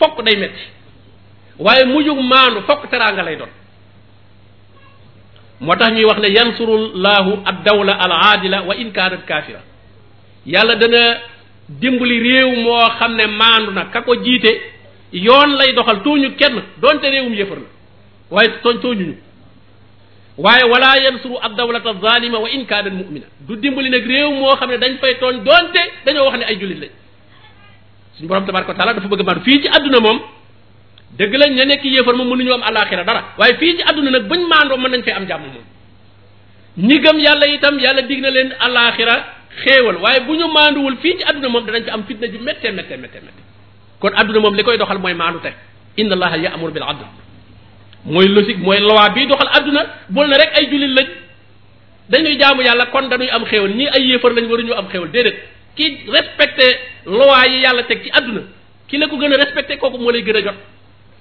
fokk day metti waaye mujjug maandu fokk teraanga lay doon moo tax ñuy wax ne yansurullahu ad la al aadila wa in kaanat kaafira yàlla dana dimbali réew moo xam ne maandu na ka ko yoon lay doxal tooñu kenn doonte réewum yëfar la waaye tooñ tooñuñu waaye wala yansuru ad dawlata zalima wa in kaanat mu'mina du dimbali nag réew moo xam ne dañ fay tooñ doonte dañoo wax ne ay jullit lañ suñu borom tabaraka wa taala dafa bëgg maandu fii ci àdduna moom dëgg lañ ña nekk yéefar moom mënuñu am alaxira dara waaye fii ci àdduna nag bañ maandoo mën nañ fee am jàmm moom ñi gëm yàlla itam yàlla dig na leen alaxira xéewal waaye bu ñu maanduwul fii ci àdduna moom danañ ci am fitna ji méttee méttee méttee méttee kon àdduna moom li koy doxal mooy maandu te inna allaha ya'muru bil adl mooy logique mooy loi bii doxal àdduna bool na rek ay jullit lañ dañuy jaamu yàlla kon dañuy am xéewal ñii ay yéefar lañ waruñu am xéewal déedéet ki respecté loi yi yàlla teg ci àdduna ki la ko gën a respecté kooku moo lay gën a jot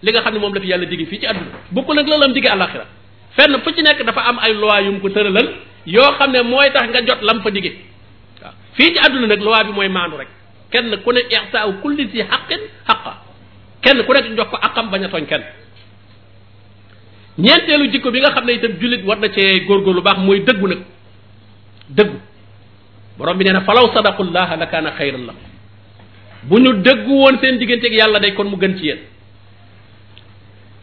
li nga xam ne moom la fi yàlla digg fii ci àdduna bokkul nag la am digg àllaaxira fenn fu ci nekk dafa am ay loi yu mu ko tëralal yoo xam ne mooy tax nga jot lam fa digge fii ci àdduna nag loi bi mooy maandu rek kenn ku ne i'ta'u kulli si haqqin haqqa kenn ku nekk jox ko akam bañ a tooñ kenn ñeenteelu jikko bi nga xam ne itam jullit war na cee góorgóorlu baax mooy dëggu nag borom bi nee na falaw sadaqullaha la kaana xayran la bu ñu dëggu woon seen digganteeg yàlla day kon mu gën ci yéen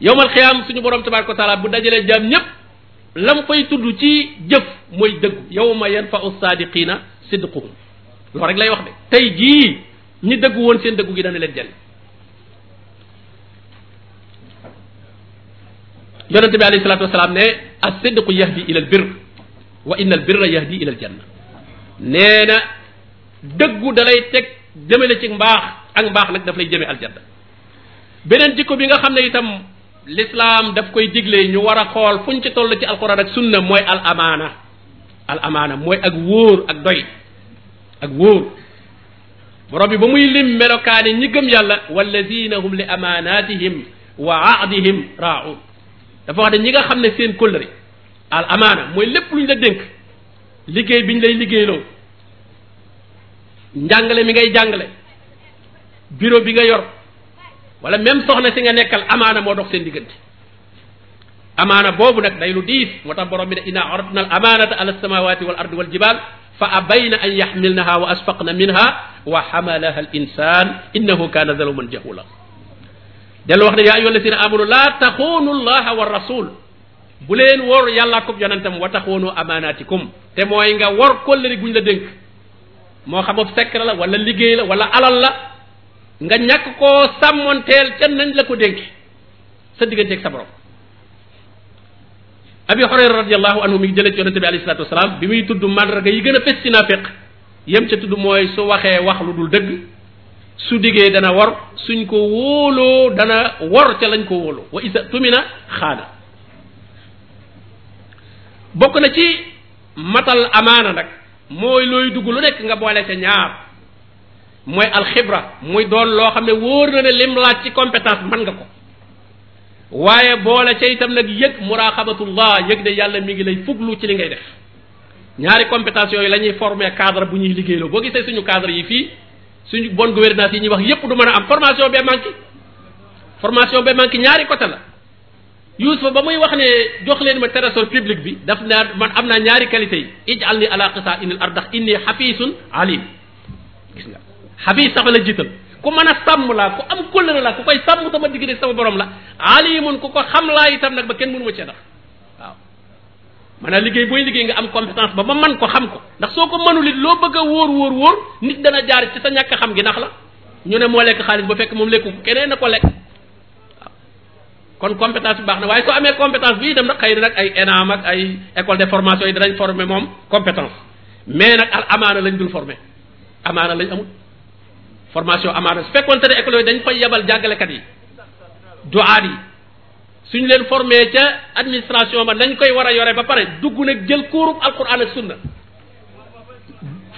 yowmal xiyaam suñu borom tabaraka wa taala bu dajalee jaam ñépp lam fay tudd ci jëf mooy dëggu yowma yanfau saadiqina sidquhum loolu rek lay wax de tey jii ñu dëggu woon seen dëggu gi dana leen jël yonente bi alayhi salatu wasalaam ne as sidqu yahdi ila al bir wa inna yahdi ila al nee na dëggu dalay teg jëmale ci mbaax ak mbaax nag daf lay jëme aljanna beneen jikko bi nga xam ne itam l'islam daf koy jigle ñu war a xool fuñ ci toll ci alquran ak sunna mooy al amaana al amaana mooy ak wóor ak doy ak wóor borom bi ba muy lim melokaani ñi gëm yàlla wallazina hum li amaanatihim wa ahdihim raun dafa wax ne ñi nga xam ne seen kóllëre al amaana mooy lépp lu ñu la dénk liggéey bi ñu lay liggéeyloo njàngale mi ngay jàngale bureau bi nga yor wala même soxna si nga nekkal amaana moo dox seen diggante amaana boobu nag day lu diis moo tax borom bi ne inna aradna al amaanata ala samawati wal an yaxmilnaha wa minha wa xamalaha al insan innahu kana zaluman jahula dellu wax ne yaa ayyuha alladina amanu la taxunu allaha wa rasul bu leen wor yàllaa ko yonentam wa taxoonu amaanaatikum te mooy nga wor kóllëre guñ la dénk moo xam ab secret la wala liggéey la wala alal la nga ñàkk koo sàmmonteel ca nañ la ko dénk sa diggante sa borom abi hurayra radiallahu anhu mi ngi jëlee ci yonente bi alayhi salatu wasalaam bi muy tudd mandarga yi gën a fes ci naaféq yem ca tudd mooy su waxee wax lu dul dëgg su diggee dana wor suñ ko wóoloo dana wor ca lañ ko wóoloo wa isa tumina xaana bokk na ci matal amaana nag mooy looy dugg lu nekk nga boole ca ñaar mooy alxibra muy doon loo xam ne wóor na ne lim ci compétence mën nga ko waaye boole ca itam nag yëg muraqabatullah yëg ne yàlla mi ngi lay fuglu ci li ngay def ñaari compétence yooyu la ñuy former cadre bu ñuy liggéeyloo boo gisee suñu cadre yi fii suñu bonne gouvernance yi ñuy wax yépp du mën a am formation bee manqué formation bee manqué ñaari côté la Yuusufa ba muy wax ne jox leen ma trésor public bi daf naa man am naa ñaari qualité yi ij'al ni ala xasaa'ini al ard ndax inni xafiisun alim gis xafiis sax la jiital ku mën a sàmm laa ku am kóllëre laa ku koy sàmm sama diggante sama borom la alimun ku ko xam laa itam nag ba kenn mënu ma cee ndax waaw maanaam liggéey booy liggéey nga am compétence ba ma man ko xam ko ndax soo ko mënul it loo bëgg a wóor wóor wóor nit dana jaar ci sa ñàkk xam gi nax la ñu ne moo lekk xaalis ba fekk moom lekku ko keneen na ko lekk kon compétence bi baax na waaye soo amee compétence bii dem na xëy na nag ay ENAM ak ay école de formation yi danañ former moom compétence mais nag al amaana lañ dul former amaana lañ amul formation amaana su fekkoonte ne école yooyu dañ fay yebal jàngalekat yi duaat yi suñ leen formé ca administration ba nañ koy war a yore ba pare dugg nag jël kuurub alquran ak sunna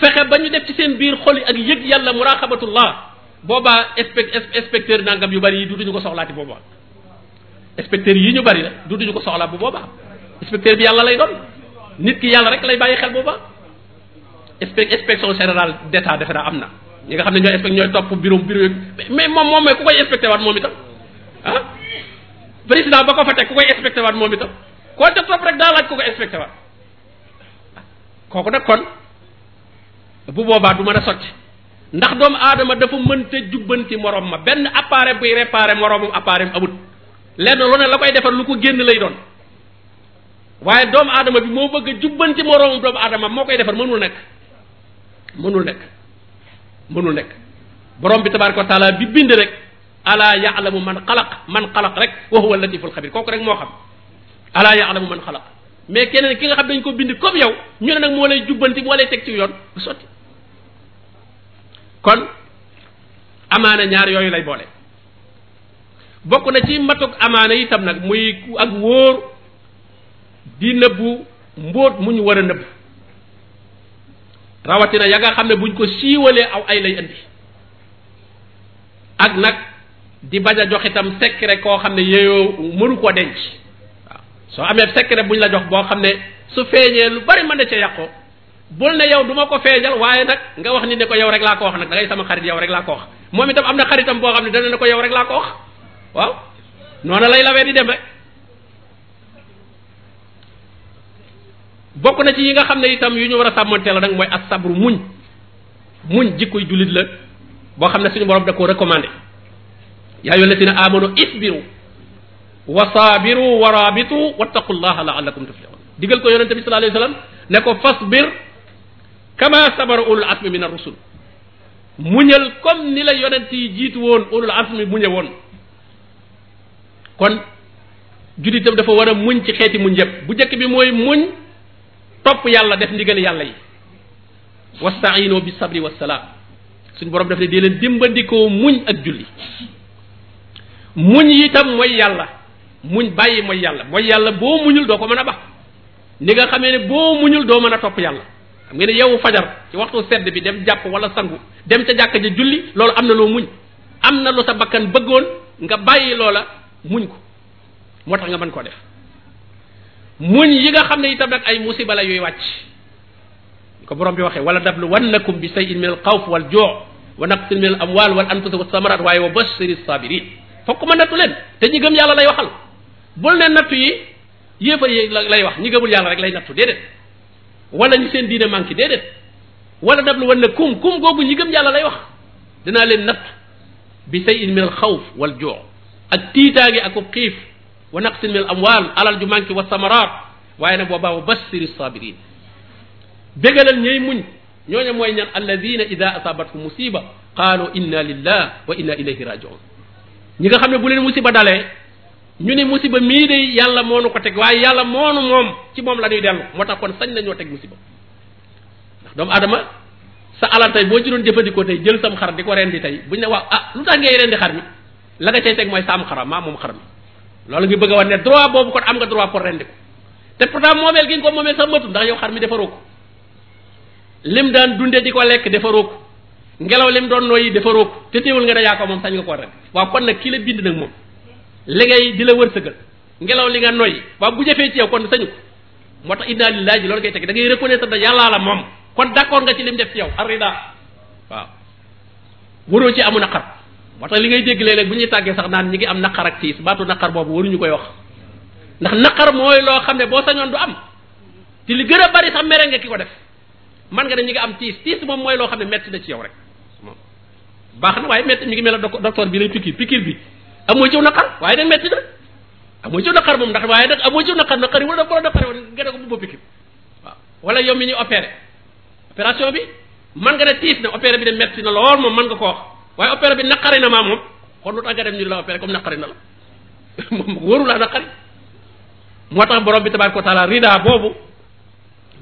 fexe ba ñu def ci seen biir xol yi ak yëg yàlla muraqabatullah boobaa inspect inspecteur nangam yu bari yi duñu ko soxlaati boobaa inspecteur yi ñu bari la duutuñu ko soxla bu boobaa inspecteur bi yàlla lay doon nit ki yàlla rek lay bàyyi xel boobaa inspec inspection générale d'état defe naa am na ñi nga xam ne ñooy inspect ñooy topp bureau bureau mais moom moom ku koy inspecté waat moom itam ah président ba ko fa teg ku koy inspecté waat moom itam koo ca topp rek daalaat laaj ku koy inspecté kooku nag kon bu boobaa du mën a sotti ndax doomu aadama dafa mënta jubbanti moroom ma benn appareil buy réparer moromum appareil amut lenn lu ne la koy defar lu ko génn lay doon waaye doomu aadama bi moo bëgg a jubbanti moroomam doomu aadama moo koy defar mënul nekk mënul nekk mënul nekk borom bi tabaraka wa taala bi bind rek ala yaalamu man xalaq man xalaq rek wa huwa latiful xabir kooku rek moo xam ala yaalamu man xalaq mais keneen ki nga xam dañ ko bind comme yow ñu ne nag moo lay jubbanti moo lay teg ci yoon bu sotti kon amaana ñaar yooyu lay boole bokk na ci matuk amaana itam nag muy ak wóor di nëbbu mbóot mu ñu war a nëbb rawatina ya nga xam ne buñ ko siiwalee aw ay lay indi ak nag di bañ a jox itam secret koo xam ne yeyoo mënu koo denc waaw soo amee secret buñ la jox boo xam ne su feeñee lu bari mën na ca yàqoo bul ne yow du ma ko feeñal waaye nag nga wax ni ne ko yow rek laa ko wax nag da ngay sama xarit yow rek laa ko wax moom itam am na xaritam boo xam ne dana ne ko yow rek laa ko wax waaw noona lay lawee di deme rek bokk na ci yi nga xam ne itam yu ñu war a sàmmante la nag mooy as sabru muñ muñ jikkoy jullit la boo xam ne suñu borom da koo recommandé yaa ayyuha allazina amanu isbiru wa saabiru wa raabitu wattaqullaha laallakum tuflihun digal ko yonente bi sallallahu alayhi wasallam ne ko fasbir kama sabara ulul azmi min ar-rusul muñal comme ni la yonent yi jiitu woon ulul azmi muñe woon kon jullitam dafa war a muñ ci xeeti muñ yëpp bu njëkk bi mooy muñ topp yàlla def ndigal yàlla yi wastaino bi sabri wasalaam suñ borom daf ne dee leen dimbandikoo muñ ak julli muñ itam mooy yàlla muñ bàyyi mooy yàlla mooy yàlla boo muñul doo ko mën a bax ni nga xamee ne boo muñul doo mën a topp yàlla xam nga ne yowu fajar ci waxtu sedd bi dem jàpp wala sangu dem ca jàkka ja julli loolu am na loo muñ am na lu sa bakkan bëggoon nga bàyyi loola muñ ko moo tax nga man koo def muñ yi nga xam ne itam nag ay musiba la yooyu wàcc ko borom bi waxee wala dablu wannakum bi shay'in min al wal joo wa naqsin min al amwal wal anfusi wa samarat waaye wa bashiri sabirin fokk ma nattu leen te ñi gëm yàlla lay waxal bul ne nattu yi yéefar yi lay wax ñi gëmul yàlla rek lay nattu déedéet wala ñi seen diine manqué déedéet wala dablu wannakum kum googu ñi gëm yàlla lay wax dinaa leen nattu bi shay'in min al wal joo ak tiitaange ak xiif wa naqsin min al amwal alal ju manqué wa samaraat waaye nag boobaa wa bassiri sabirin bégalal ñay muñ ñooñu mooy ñan alladina ida asabathu musiba qaalu inna lillah wa inna ilayhi rajiun ñi nga xam ne bu leen musiba dalee ñu ne musiba mii de yàlla moonu ko teg waaye yàlla moonu moom ci moom la ñuy dellu moo tax kon sañ nañoo teg musiba ndax doomu aadama sa alal boo ci doon jëfandikoo tey jël sam xar di ko rendi tey buñ waaw ah lu tax ngay rendi xar mi la nga cay teg mooy saam xaram maa moom xar mi loolu ngi bëgg a wax ne droit boobu kon am nga droit pour rendi ko te pourtant moomeel gi nga ko moomeel sax matul xar mi defaroo ko lim daan dunde di ko lekk defaroo ko ngelaw lim doon nooyi defaroo ko te nga ne yaa moom sañ nga koo rend waaw kon nag kii la bind nag di la wërsëgal ngelaw li nga noyyi waaw bu jëfee ci kon sañu ko moo tax inna lillahi loolu koy teg da ngay reconnaître da yàllaa la moom kon d'accord nga ci lim def ci yow arrida waaw waroo ci amuna xar moo tax li ngay dégg léeg bu ñuy tàggee sax naan ñi ngi am naqar ak tiis baatu naqar boobu waruñu koy wax ndax naqar mooy loo xam ne boo sañoon du am te li gën a bari sax mere nga ki ko def man nga ne ñi ngi am tiis moom mooy loo xam ne metti na ci yow rek baax na waaye metti mi ngi mel ne docteur bi lay pikiir pikiir bi amoo ciw naqar waaye nag metti na amoo ciw naqar moom ndax waaye nag amoo ciw naqar naqar yi wala bu la naqar woon nga ne ko bu pikiir waaw wala yow mi ñuy opéré opération bi man nga ne tiis na opéré bi de metti na lool moom man nga ko wax waaye opéré bi naqari na maa moom xool lu tax nga dem ñu la opéré comme naqari na la moom wóoru naqari moo tax borom bi tabaaraka wa taala rida boobu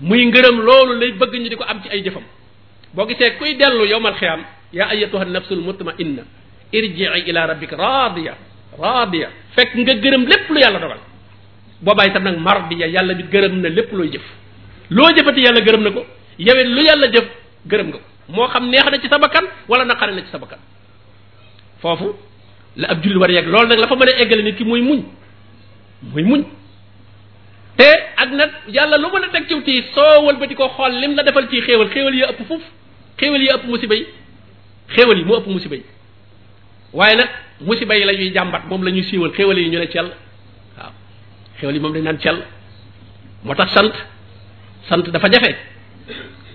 muy gërëm loolu lay bëgg ñu di ko am ci ay jëfam boo gisee kuy dellu yowmal xiyaam yaa ayyatuha nafsul mutma'inna irji'i ila rabbika raadiya raadiya fekk nga gërëm lépp lu yàlla dogal boobaay itam nag mardiya yàlla bi gërëm na lépp looy jëf loo jëfati yàlla gërëm na ko yowet lu yàlla jëf gërëm nga ko moo xam neex na ci sa bakkan wala naqare na ci sa foofu la ab jullit war yegg loolu nag la fa mën a eggale nit ki muy muñ muy muñ te ak nag yàlla lu mën a teg ciw tii soo wëlbati ko xool lim la defal ci xéewal xéewal yi ëpp fuf xéewal yi ëpp musiba yi xéewal yi mu ëpp musiba yi waaye nag musiba yi la ñuy jàmbat moom la ñuy siiwal xéewal yi ñu ne cell waaw xéewal yi moom dañ naan cell moo tax sant sant dafa jafe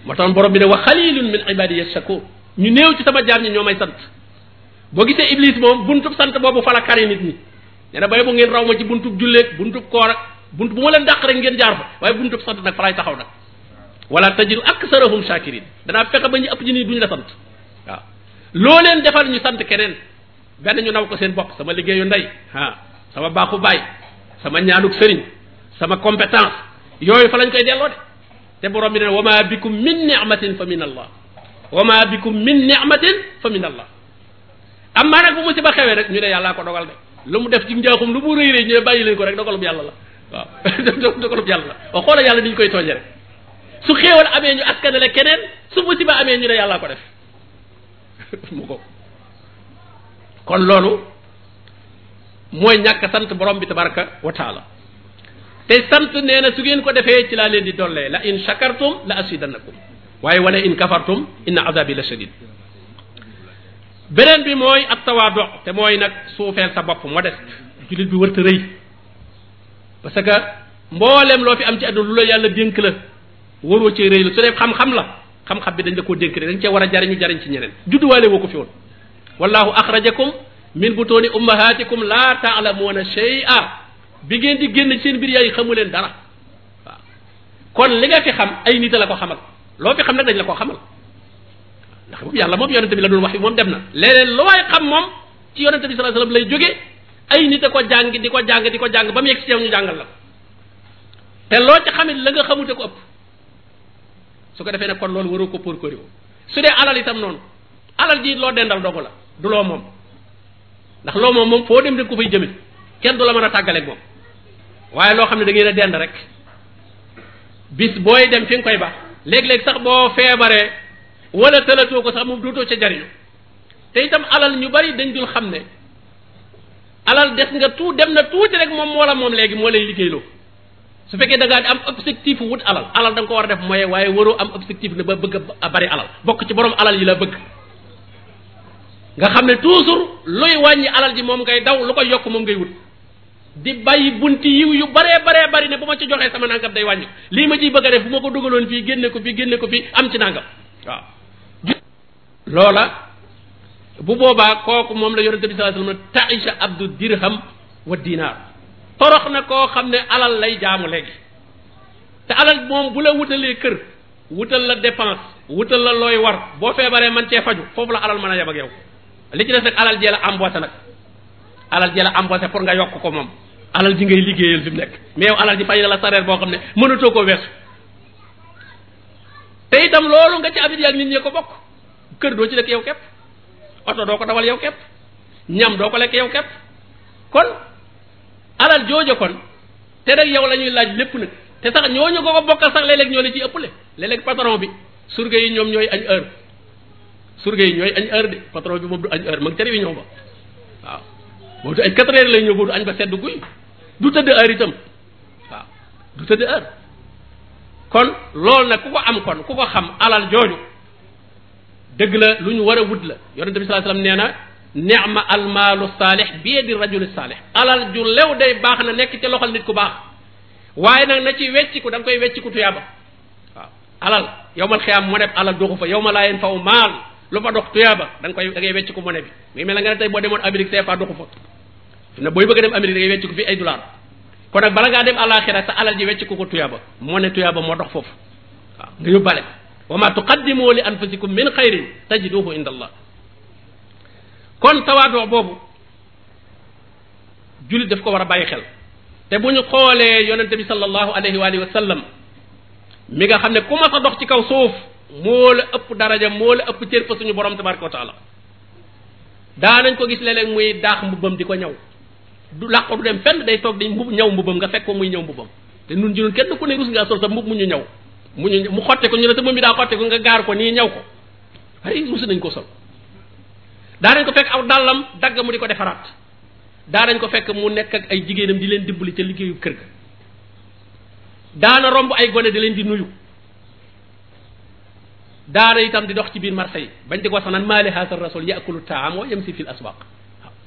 moo tax boroom bi ne wa xalilun min ibadiya shakur ñu néew ci sama jaam ñi ñoo may sant boo gisee iblis moom buntub sant boobu fa la kari nit ñi nee na bay bu ngeen raw ma ci buntub julleeg buntub koor ak bunt bu ma leen dàq rek ngeen jaar fa waaye buntub sant nag fa lay taxaw nag wala tajidu aksarahum shakirin danaa fexe ba ñu ëpp ñu nii duñ la sant waaw loo leen defal ñu sant keneen benn ñu naw ko seen bopp sama liggéeyu ndey ah sama baaxu baay sama ñaanuk sëriñ sama compétence yooyu fa lañ koy delloo te borom bi ne wa ma bikum min ni'matin fa min allah wa ma bikum min ni'matin fa min allah am maa nag bu musiba xewee rek ñu ne yàllaa ko dogal de lu mu def ci njaaxum lu mu rëy rëy ñu ne bàyyi leen ko rek dogalub yàlla la waaw dogalub yàlla la waaw xoola yàlla ni ñu koy tooñe rek su xéewal amee ñu askanale keneen su ba amee ñu ne yàllaa ko def mu ko kon loolu mooy ñàkk sant borom bi tabaraka wa te sant nee na su ngeen ko defee ci laa leen di dollee la in shakartum la asidannakum waaye wala in kafartum inna azabi la shadid beneen bi mooy at tawaado te mooy nag suufeel sa bopp modeste jullit bi wërta rëy parce que mboolem loo fi am ci àdduna lu la yàlla dénk la waroo cee rëy la su dee xam-xam la xam-xam bi dañ la ko dénk rek dañ cee war a jariñu jariñ ci ñeneen judduwaale woo ko fi woon wallahu axrajakum min butuuni ummahatikum la taalamuuna shay'a bi ngeen di génn seen biir yaay xamu leen dara kon li nga fi xam ay nit la ko xamal loo fi xam nag dañ la ko xamal ndax moom yàlla moom yonente bi la doon wax yi moom dem na leneen lu waay xam moom ci yonente bi lay jógee ay nit a ko jàng di ko jàng di ko jàng ba mu yegg si ñu jàngal la loo ci xamit la nga xamute ko ëpp su ko defee ne kon loolu waroo ko pour koriwo su dee alal itam noonu alal ji loo dendal dogu la du loo moom ndax loo moom moom foo dem rek ko fay jëme kenn du la mën a tàggaleeg moom waaye loo xam ne da ngeen a dend rek bis booy dem fi koy ba léeg-léeg sax boo feebaree wala tëlatoo ko sax moom dootoo ci jariñu te itam alal ñu bari dañ dul xam ne alal des nga tuut dem na tuuti rek moom moo la moom léegi moo lay liggéeyloo su fekkee da ngaa di am wut alal alal da ko war a def mooy waaye waroo am objectif ne ba bëgg a bari alal bokk ci borom alal yi la bëgg nga xam ne toujours luy wàññi alal ji moom ngay daw lu ko yokk moom ngay wut di bàyyi bunt yiw yu baree baree bari ne bu ma ci joxee sama nangam day wàññi lii ma ciy bëgg def bu ma ko dugaloon fii génne ko fii génne ko fii am ci nangam waaw loola bu boobaa kooku moom la yonente bi sallallahu alayhi wasallam taisha abdu dirham wa dinaar torox na koo xam ne alal lay jaamu léegi te alal moom bu la wutalee kër wutal la dépense wutal la looy war boo fee baree man cee faju foofu la alal mën a yab ak yow li ci des nag alal jee la emboîté nag alal ji la embauché pour nga yokk ko moom alal ji ngay liggéeyal fi mu nekk mais yow alal ji fay la salaire boo xam ne mënatoo ko weesu te itam loolu nga ci abit yaag nit ñi ko bokk kër doo ci lekk yow képp oto doo ko dawal yow képp ñam doo ko lekk yow képp kon alal jooja kon te nag yow la ñuy laaj lépp nag te sax ñooñu ko ko bokkal sax léeg ñoo la ciy ëppale léeg-léeg patron bi surga yi ñoom ñooy añ heure surge yi ñooy añ heure de patron bi moom du añ heure ma ngi ca réunion ba boobu ay quatre heures lay ñëw boobu añ ba sedd guy du tëdd heure itam waaw du tëdd heure kon loolu nag ku ko am kon ku ko xam alal jooju dëgg la lu ñu war a wut la yonente bi sallallahu alayhi nee na ni'ma almaalu saalih bi yadi rajuli saalih alal ju lew day baax na nekk ci loxol nit ku baax waaye nag na ci wecciku da nga koy wecciku tuyaaba waaw alal yowmal xiyaam mo neb alal doxu fa yowma laa yanfa'u maal lu fa dox tuyaaba da nga koy da ngay wecciku mo ne bi muy mel na nga tey boo demoon Amérique CFA doxu fa ne booy bëgg a dem Amérique da ngay wecc ko fi ay dollar kon nag bala ngaa dem àllaaxira sa alal ji wecc ko tuyaaba moo ne tuyaaba moo dox foofu waaw nga yóbbaale wa ma tuqaddimu li anfusikum min xayrin tajiduhu inda allah kon tawaadoo boobu jullit daf ko war a bàyyi xel te bu ñu xoolee yonente bi sallallahu alayhi wa alihi nga xam ne ku mas a dox ci kaw suuf moo la ëpp daraja moo la ëpp cër fa suñu borom tabaraka wa taala daanañ ko gis léeg-léeg muy mbubbam di ko ñëw du làqu du dem fenn day toog di mbub ñaw mbubam nga fekk ko muy ñaw mbubam te nun juróon kenn ku ne rus ngaa sol sa mbub mu ñu ñaw mu ñu mu xotte ko ñu ne sa mbub mi daa xotte ko nga gaar ko nii ñaw ko ay rus nañ ko sol daa nañ ko fekk aw dàllam dagg mu di ko defaraat daa nañ ko fekk mu nekk ak ay jigéenam di leen dimbali ca liggéeyu kër ga daana romb ay gone di leen di nuyu daana tam di dox ci biir marché yi bañ di ko sax naan maali haasa rasul yaakulu taam wa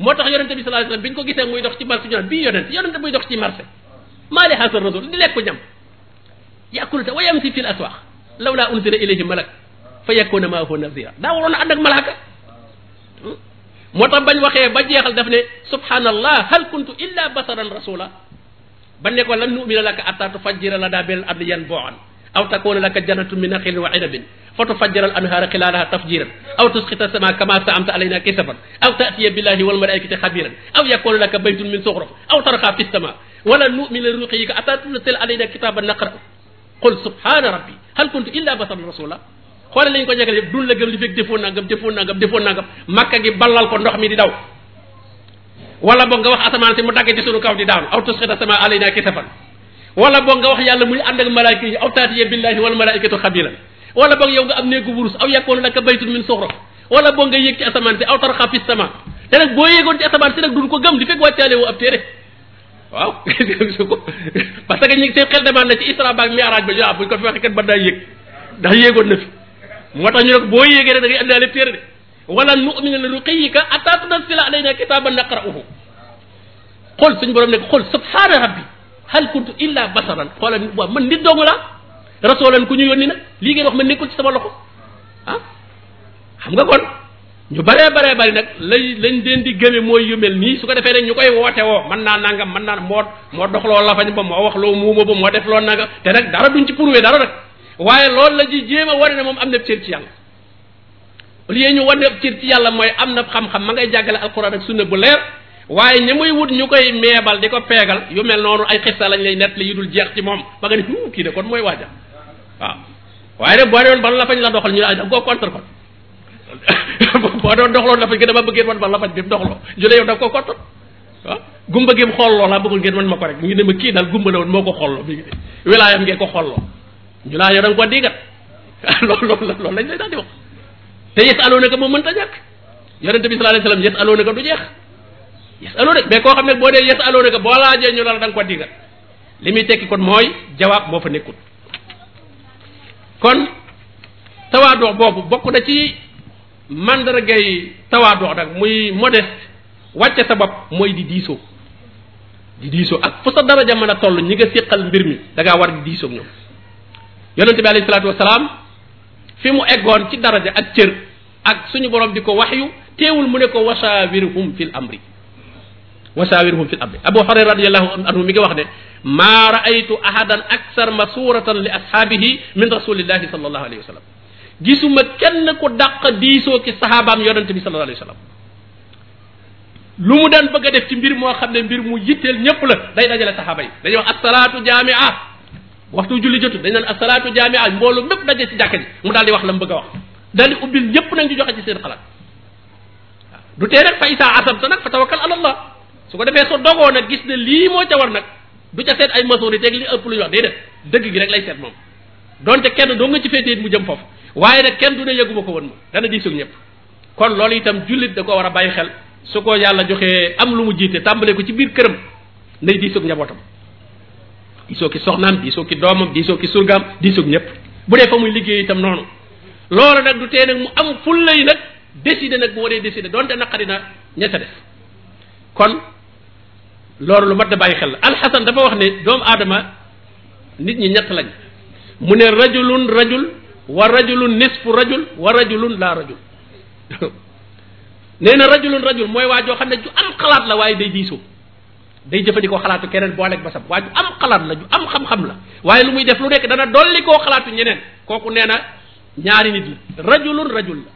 moo tax yonente bi sallallahu alayhi wasallam bi ñu ko gisee muy dox ci marché ñu naan bii yonente yonente muy dox ci marché maa li xaasal rasul di lekk ñam yàkkul te wa yamsi fil aswaq law laa unzila ilayhi malak fa yakuna maahu nazira daa waroon a ànd ak malaaka moo tax bañ waxee ba jeexal daf ne subhanallah hal kuntu illa basaran rasula ba ne ko lan nu'mina laka atta tufajjira la daa bel ardi yan boo an aw takuna laka jannatu min naxilin wa inabin فتفجر الأنهار خلالها تفجيرا أو تسقط السماء كما زعمت علينا كسفا أو تأتي بالله والملائكة خبيرا أو يكون لك بيت من زخرف أو ترقى في السماء ولن نؤمن لرقيك حتى تنزل علينا كتابا نقرأه قل سبحان ربي هل كنت إلا بشرا رسولا xoolal lañ ko jege yëpp dun la gëm li fekk defoon nangam defoon nangam defoon nangam makka gi ballal ko ndox mi di daw wala boog nga wax asamaan si mu dagge ci sunu kaw di daanu aw tusxita sama alayna kisafan wala boog nga wax yàlla muy ànd ak malaayika yi aw taatiye billahi wal malaayikatu xabilan wala boog yow nga am néegu wurus aw yekkoonu laka baytun min suxra wala boog nga yéeg ci asamaan si aw tarxa fi sama te nag boo yéegoon ci asamaan si nag duñ ko gëm di fekk wàccaale woo ab téere waaw parce que ñu ngi seen xel demaan na ci ba yaa buñ ko fi waxee kat ba daa yéeg na fi moo tax ñu boo yéegee rek da ngay andaale téere de wala nu'mina li ruqiyyika hatta tunzila alayna kitaban naqra'uhu xool suñu borom ne ko xool subhaana rabbi hal kuntu ila basaran xoolal waaw man nit doomu leen ku ñu yónni nag lii ngeen wax ma nekkul ci sama loxo ah xam nga kon ñu baree baree bari nag lay lañ leen di gëme mooy yu mel nii su ko defee nag ñu koy woote woo mën naa nangam mën naa moo moo doxloo lafañ ba moo wax loo muuma ba moo def loo nangam te nag dara duñ ci prouvé dara nag waaye loolu la ci jéem a wane ne moom am na cër ci yàlla au lieu ñu wane cër ci yàlla mooy am na xam-xam ma ngay jàggale alquran ak sunna bu leer waaye ña muy wut ñu koy meebal di ko peegal yu mel noonu ay xista lañ lay nett li yu dul jeex ci moom ba kii de mooy waaja waaw waaye nag boo doon ban la fañ la doxal ñu ne koo contre kon boo doon doxaloon la fañ dama bëggee man ban la fañ bi mu doxaloo ñu ne da koo contre waaw gumba gi mu xooloo laa bëggul ngeen ma ko rek ñu ne ma kii daal gumba la woon moo ko xooloo bi wilaayam ngeen ko xooloo ñu naa ah yow da nga ko diigat loolu lañ lay daal di wax te yes aloo naka moom ñàkk yonente bi sallallahu alayhi wasallam aloo naka du jeex yes aloo nag mais koo xam ne boo dee yes aloo naka laajee ñu la da nga ko diigat li muy tekki kon mooy jawaab moo fa nekkul kon tawaadoox boobu bokk na ci mandargay tawaadoox nag muy modeste wàcce sa bopp mooy di diisoo di diisoo ak fu sa daraja mën a toll ñi nga séqal mbir mi da ngaa war di diisoo ñoom yonente bi alayhi salaatu wasalaam fi mu eggoon ci daraja ak cër ak suñu borom di ko waxyu teewul mu ne ko wasaawiruhum fil amri wa saawirhum fil amri abu hurayra radiallahu anhu mi ngi wax ne maa raaytu ahadan aksar masuratan li ashaabihi min rasulillahi sallallahu alayhi wa sallam gisuma kenn ku dàq diisoo ki saxaabaam yonente bi sallallahu alayhi wa sallam lu mu daan bëgg a def ci mbir moo xam ne mbir mu yitteel ñëpp la day dajale saxaaba yi dañuy wax asalaatu jaamia waxtu julli jotu dañ naan asalaatu jaamia mboolu mépp daje ci jàkka ji mu daal di wax la mu bëgg a wax daal di ubbil ñëpp nag ñu joxe ci seen xalaat waaw du tee nag fa isaa asabta nag fa tawakkal ala allah su ko defee soo dogoo nag gis ne lii moo ca war nag du ca seet ay majorité ak li ëpp lu ñu wax déedéet dëgg gi rek lay seet moom donte kenn doo nga ci féetee mu jëm foofu waaye nag kenn du ne yëguma ko woon ma dana diisug ñëpp kon loolu itam jullit da ko war a bàyyi xel su ko yàlla joxee am lu mu jiite tàmbale ko ci biir këram nay diisug njabootam diisoo ki soxnaam diisoo ki doomam diisoo ki surgaam diisug ñëpp bu dee fa muy liggéey itam noonu loolu nag du tee nag mu am fulla yi nag décider nag bu waree décider donte naqari na ña ca def kon loolu lu mat da bàyyi xel la alxasan dafa wax ne doomu aadama nit ñi ñett lañ mu ne rajulun rajul wa rajulun nisfu rajul wa rajulun laa rajul nee na rajulun rajul mooy waa xam ne ju am xalaat la waaye day diisoo day jëfandikoo xalaatu keneen booleeg basam waa ju am xalaat la ju am xam-xam la waaye lu muy def lu nekk dana dolli koo xalaatu ñeneen kooku nee na ñaari nit la rajulun rajul la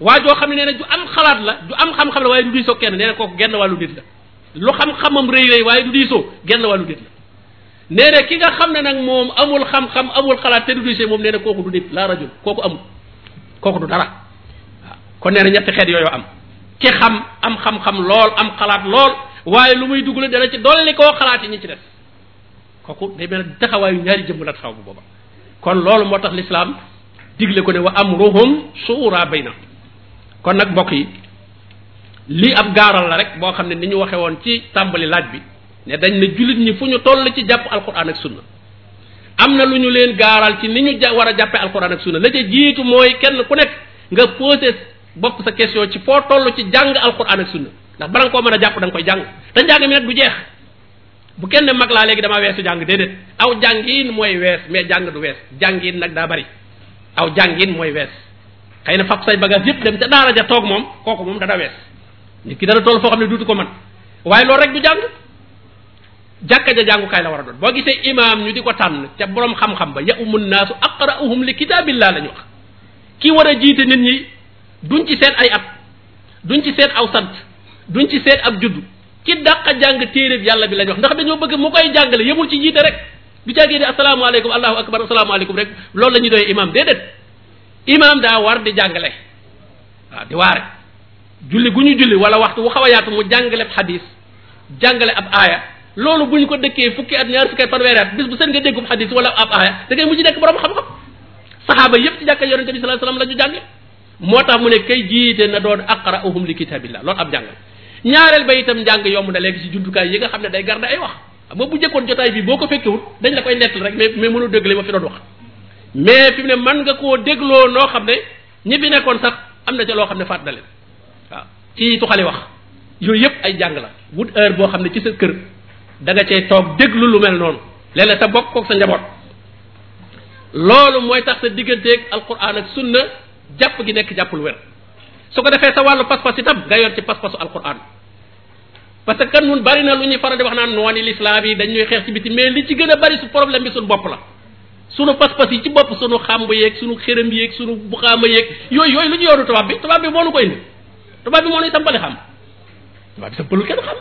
waa joo xam ne nee na ju am xalaat la ju am xam-xam la waaye du diisoo kenn nee na kooku genn wàllu nit la lu xam-xamam rëy rëy waaye du diisoo genn wàllu nit la nee na ki nga xam ne nag moom amul xam-xam amul xalaat te du diisee moom nee na kooku du nit laa rajul kooku amul kooku du dara kon nee ñetti xeet yooyu am ki xam am xam-xam lool am xalaat lool waaye lu muy dugg la dana ci dolli koo xalaat yi ñu ci def kooku day mel taxawaayu ñaari jëmm la taxaw bu booba kon loolu moo tax lislaam digle ko ne wa amruhum suura na kon nag mbokk yi lii ab gaaral la rek boo xam ne ni ñu waxe woon ci tàmbali laaj bi ne dañ ne jullit ñi fu ñu toll ci jàpp alquran ak sunna am na lu ñu leen gaaral ci ni ñu ja war a jàppee alquran ak sunna la ca jiitu mooy kenn ku nekk nga posé bopp sa question ci foo toll ci jàng alquran ak sunna ndax bala nga koo mën a jàpp da nga koy jàng te njàng mi nag du jeex bu kenn mag laa léegi damaa weesu jàng déedéet aw jàngiin mooy wees mais jàng du wees jàngiin nag daa bari aw jàngiin mooy wees xëy na fab say bagage yëpp dem ca daara ja toog moom kooku moom dana wees nit ki dana toll foo xam ne duutu ko man waaye lool rek du jàng jàkka ja jàngukaay la war a doon boo gisee imaam ñu di ko tànn ca borom xam-xam ba ya'umun naasu aqra'uhum li kitaabillah la ñu wax ki war a jiite nit ñi duñ ci seet ay at duñ ci seet aw sant duñ ci seet ab juddu ki dàq jàng téereb yàlla bi la ñu wax ndax dañoo bëgg mu koy jàngale yemul ci jiite rek du jàggee ne asalaamaaleykum allahu akbar asalaamaaleykum rek lool lañu dooy doyee imaam déedéet daa war di jàngale waaw julli gu ñu julli wala waxtu wu xaw a yaatu mu jàngale ab xadis jàngale ab aaya loolu bu ñu ko dëkkee fukki at ñaar fukki at fanweeri at bis bu seen nga déggu xadis wala ab aaya da ngay mujj nekk borom xam-xam la ñu jànge moo tax mu ne kay jiite na doon aqra'uhum li kitabillah loolu ab jàngal ñaareel ba itam njàng yomb na léegi ci jumtukaay yi xam ne day garde ay wax xam bu jëkkoon jotaay bi boo ko fekkewul dañ la koy nettali rek mais mais mënul dégg li ma fi mais fi mu ne mën nga koo dégloo noo xam ne ñi fi nekkoon sax am na ca loo xam ne fàttali leen ci tuxali wax yooyu yëpp ay jàng la wut heure boo xam ne ci sa kër danga nga cay toog déglu lu mel noonu léeg-léeg te bokk kook sa njaboot loolu mooy tax sa digganteeg alquran ak sunna jàpp gi nekk jàppul wér su ko defee sa wàllu pas-pas itam nga yor ci pas-pasu alquran parce que kan nun bari na lu ñuy faral di wax naan nooni lislaam yi dañ ñuy xeex ci biti li ci gën a bari su problème bi suñu bopp la sunu pas-pas yi ci bopp sunu xàmb yeeg sunu xërëm yeeg sunu buxaama yeeg yooyu yooyu lu ñu yoonu tubaab bi tubaab bi moo nu ko indi tubaab bi moo nuy tampale xam tubaab bi tampalul kenn xam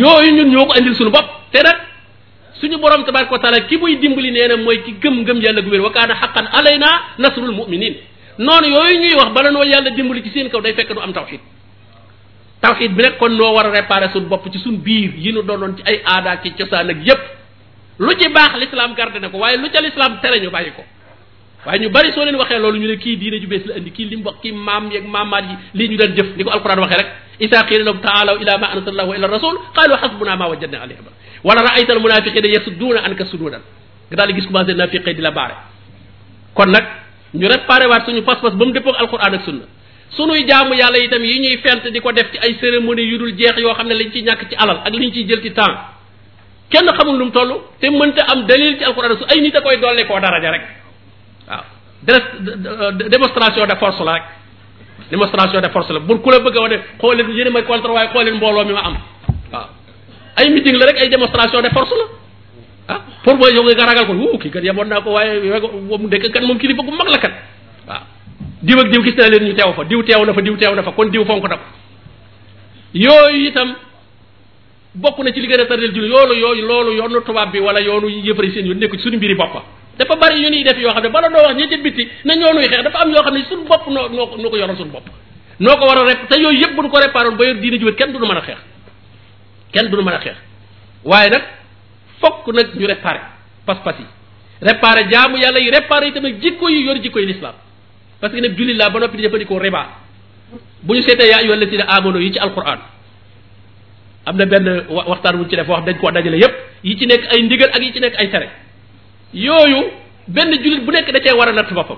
yooyu ñun ñoo ko indi suñu bopp te nag suñu borom tabaraka ko taala ki muy dimbali nee na mooy ki gëm gëm yàlla gu wér wa alay xaqan alayna nasrul muminin noonu yooyu ñuy wax bala noo yàlla dimbali ci seen kaw day fekk du am tawxid tawxid bi nag kon noo war a réparer suñu bopp ci suñu biir yi nu doonoon ci ay aada ci cosaan ak yépp lu ci baax l'islam garde na ko waaye lu ca l'islam tere ñu bàyyi ko waaye ñu bari soo leen waxee loolu ñu ne kii diine ju bees la indi kii li mu wax kii maam yeeg maamaat yi lii ñu daan jëf ni ko alquran waxee rek isa qiila lahum taalaw ila ma anzala allahu wa ila rasul al munafiqina yasudduuna anka sududan nga daal di kon nag ñu réparé waat suñu pas-pas ba mu dëppoo ak alquran ak sunna sunuy jaamu yàlla itam yi ñuy fent di ko def ci ay cérémonie yu dul jeex yoo xam ne lañ ciy ñàkk ci alal ak liñ ciy jël ci temps kenn xamul lu mu toll te mënta am dalil ci alquran a koy dolle koo daraja rek Euh, démonstration de force la rek démonstration de force la bu ku la bëgg a wane xool leen yéen may contre waaye xool mbooloo mi ma am waaw ay meeting la rek ay démonstration de force la ah pour mooy yow nga ragal ko wuu kii kat yaboon naa ko waaye moom dëkk kat moom kilifa gu mag la kat waaw diw ak diw gis naa leen ñu teew fa diw teew na fa diw teew na fa kon diw fonk na ko yooyu itam bokk na ci li gën a tardel julli yooyu loolu yoonu tubaab bi wala yoonu yëfari seen yoon nekk ci suñu mbiri dafa bari yu ñuy def yoo xam ne bala noo wax ñi ci bitti ne ñoo nuy xeex dafa am yoo xam ne suñu bopp noo noo noo ko yoral suñu bopp noo ko war a rep te yooyu yëpp buñu ko réparé ba yor diine jiwét kenn duñu mën a xeex kenn duñu mën a xeex waaye nag fokk nag ñu réparé pas-pas yi réparé jaamu yàlla yi réparé itam nag jikko yi yor jikko yi l'islam parce que nag jullit laa ba noppi di jëfandikoo riba bu ñu seetee yaa ayyuhal lazina amanu yi ci alquran am na benn waxtaan wuñ ci def wax dañ koo dajale yépp yi ci nekk ay ndigal ak yi ci nekk ay tere yooyu benn jullit bu nekk da cee war a natt boppam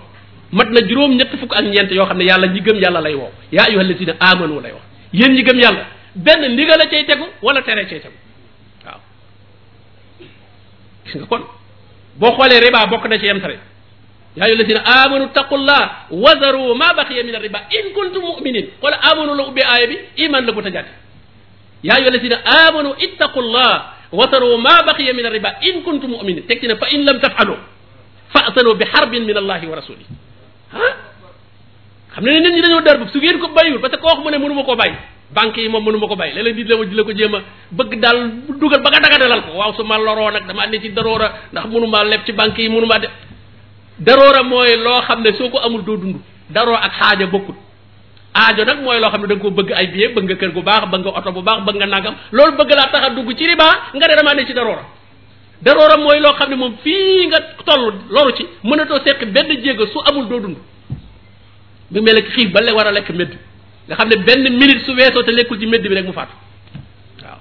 mat na juróom ñett fukk ak ñeent yoo xam ne yàlla ñi gëm yàlla lay woo yaa ayyuhal lazina amanu lay wax yéen ñi gëm yàlla benn ndigal a cay tegu wala tere cay boo xoolee riba bokk na ci yem tare yaa ayyuhal ma baqiya min riba in kuntum mu'minin xoola amanu la ubbee aaya bi iman la ko tajaate yaa ayyuhal lazina amanu ittaqullah a wasaroo maa baqiya min arriba in kuntum muminin teg ci ne fa in lam tafalu fasanoo bi xarbin min allahi wa rasuli ah xam ne nit ñi dañoo dar su ngeen ko bàyyiwul parce que ko ne mënu ma koo bàyyi banque yi moom mënu ma ko bàyyi léeg-léeg nit la ma la ko jéem a bëgg daal dugal ba nga dagadalal ko waaw su ma loroo nag dama ne ci daroora ndax mënu maa leb ci banque yi mënu maa def daroora mooy loo xam ne soo ko amul doo dund daroo ak xaaja bokkut aajo nag mooy loo xam ne da nga bëgg ay billet bëgg nga kër gu baax ba nga oto bu baax bëgg nga nangam loolu bëgg laa tax a dugg ci riba nga ne damaa ne ci daroora daroora mooy loo xam ne moom fii nga toll loru ci mënatoo seq benn jéega su amul doo dund mu mel ne xiif ba le war a lekk médd nga xam ne benn minute su weesoo te lekkul ci médd bi rek mu faatu waaw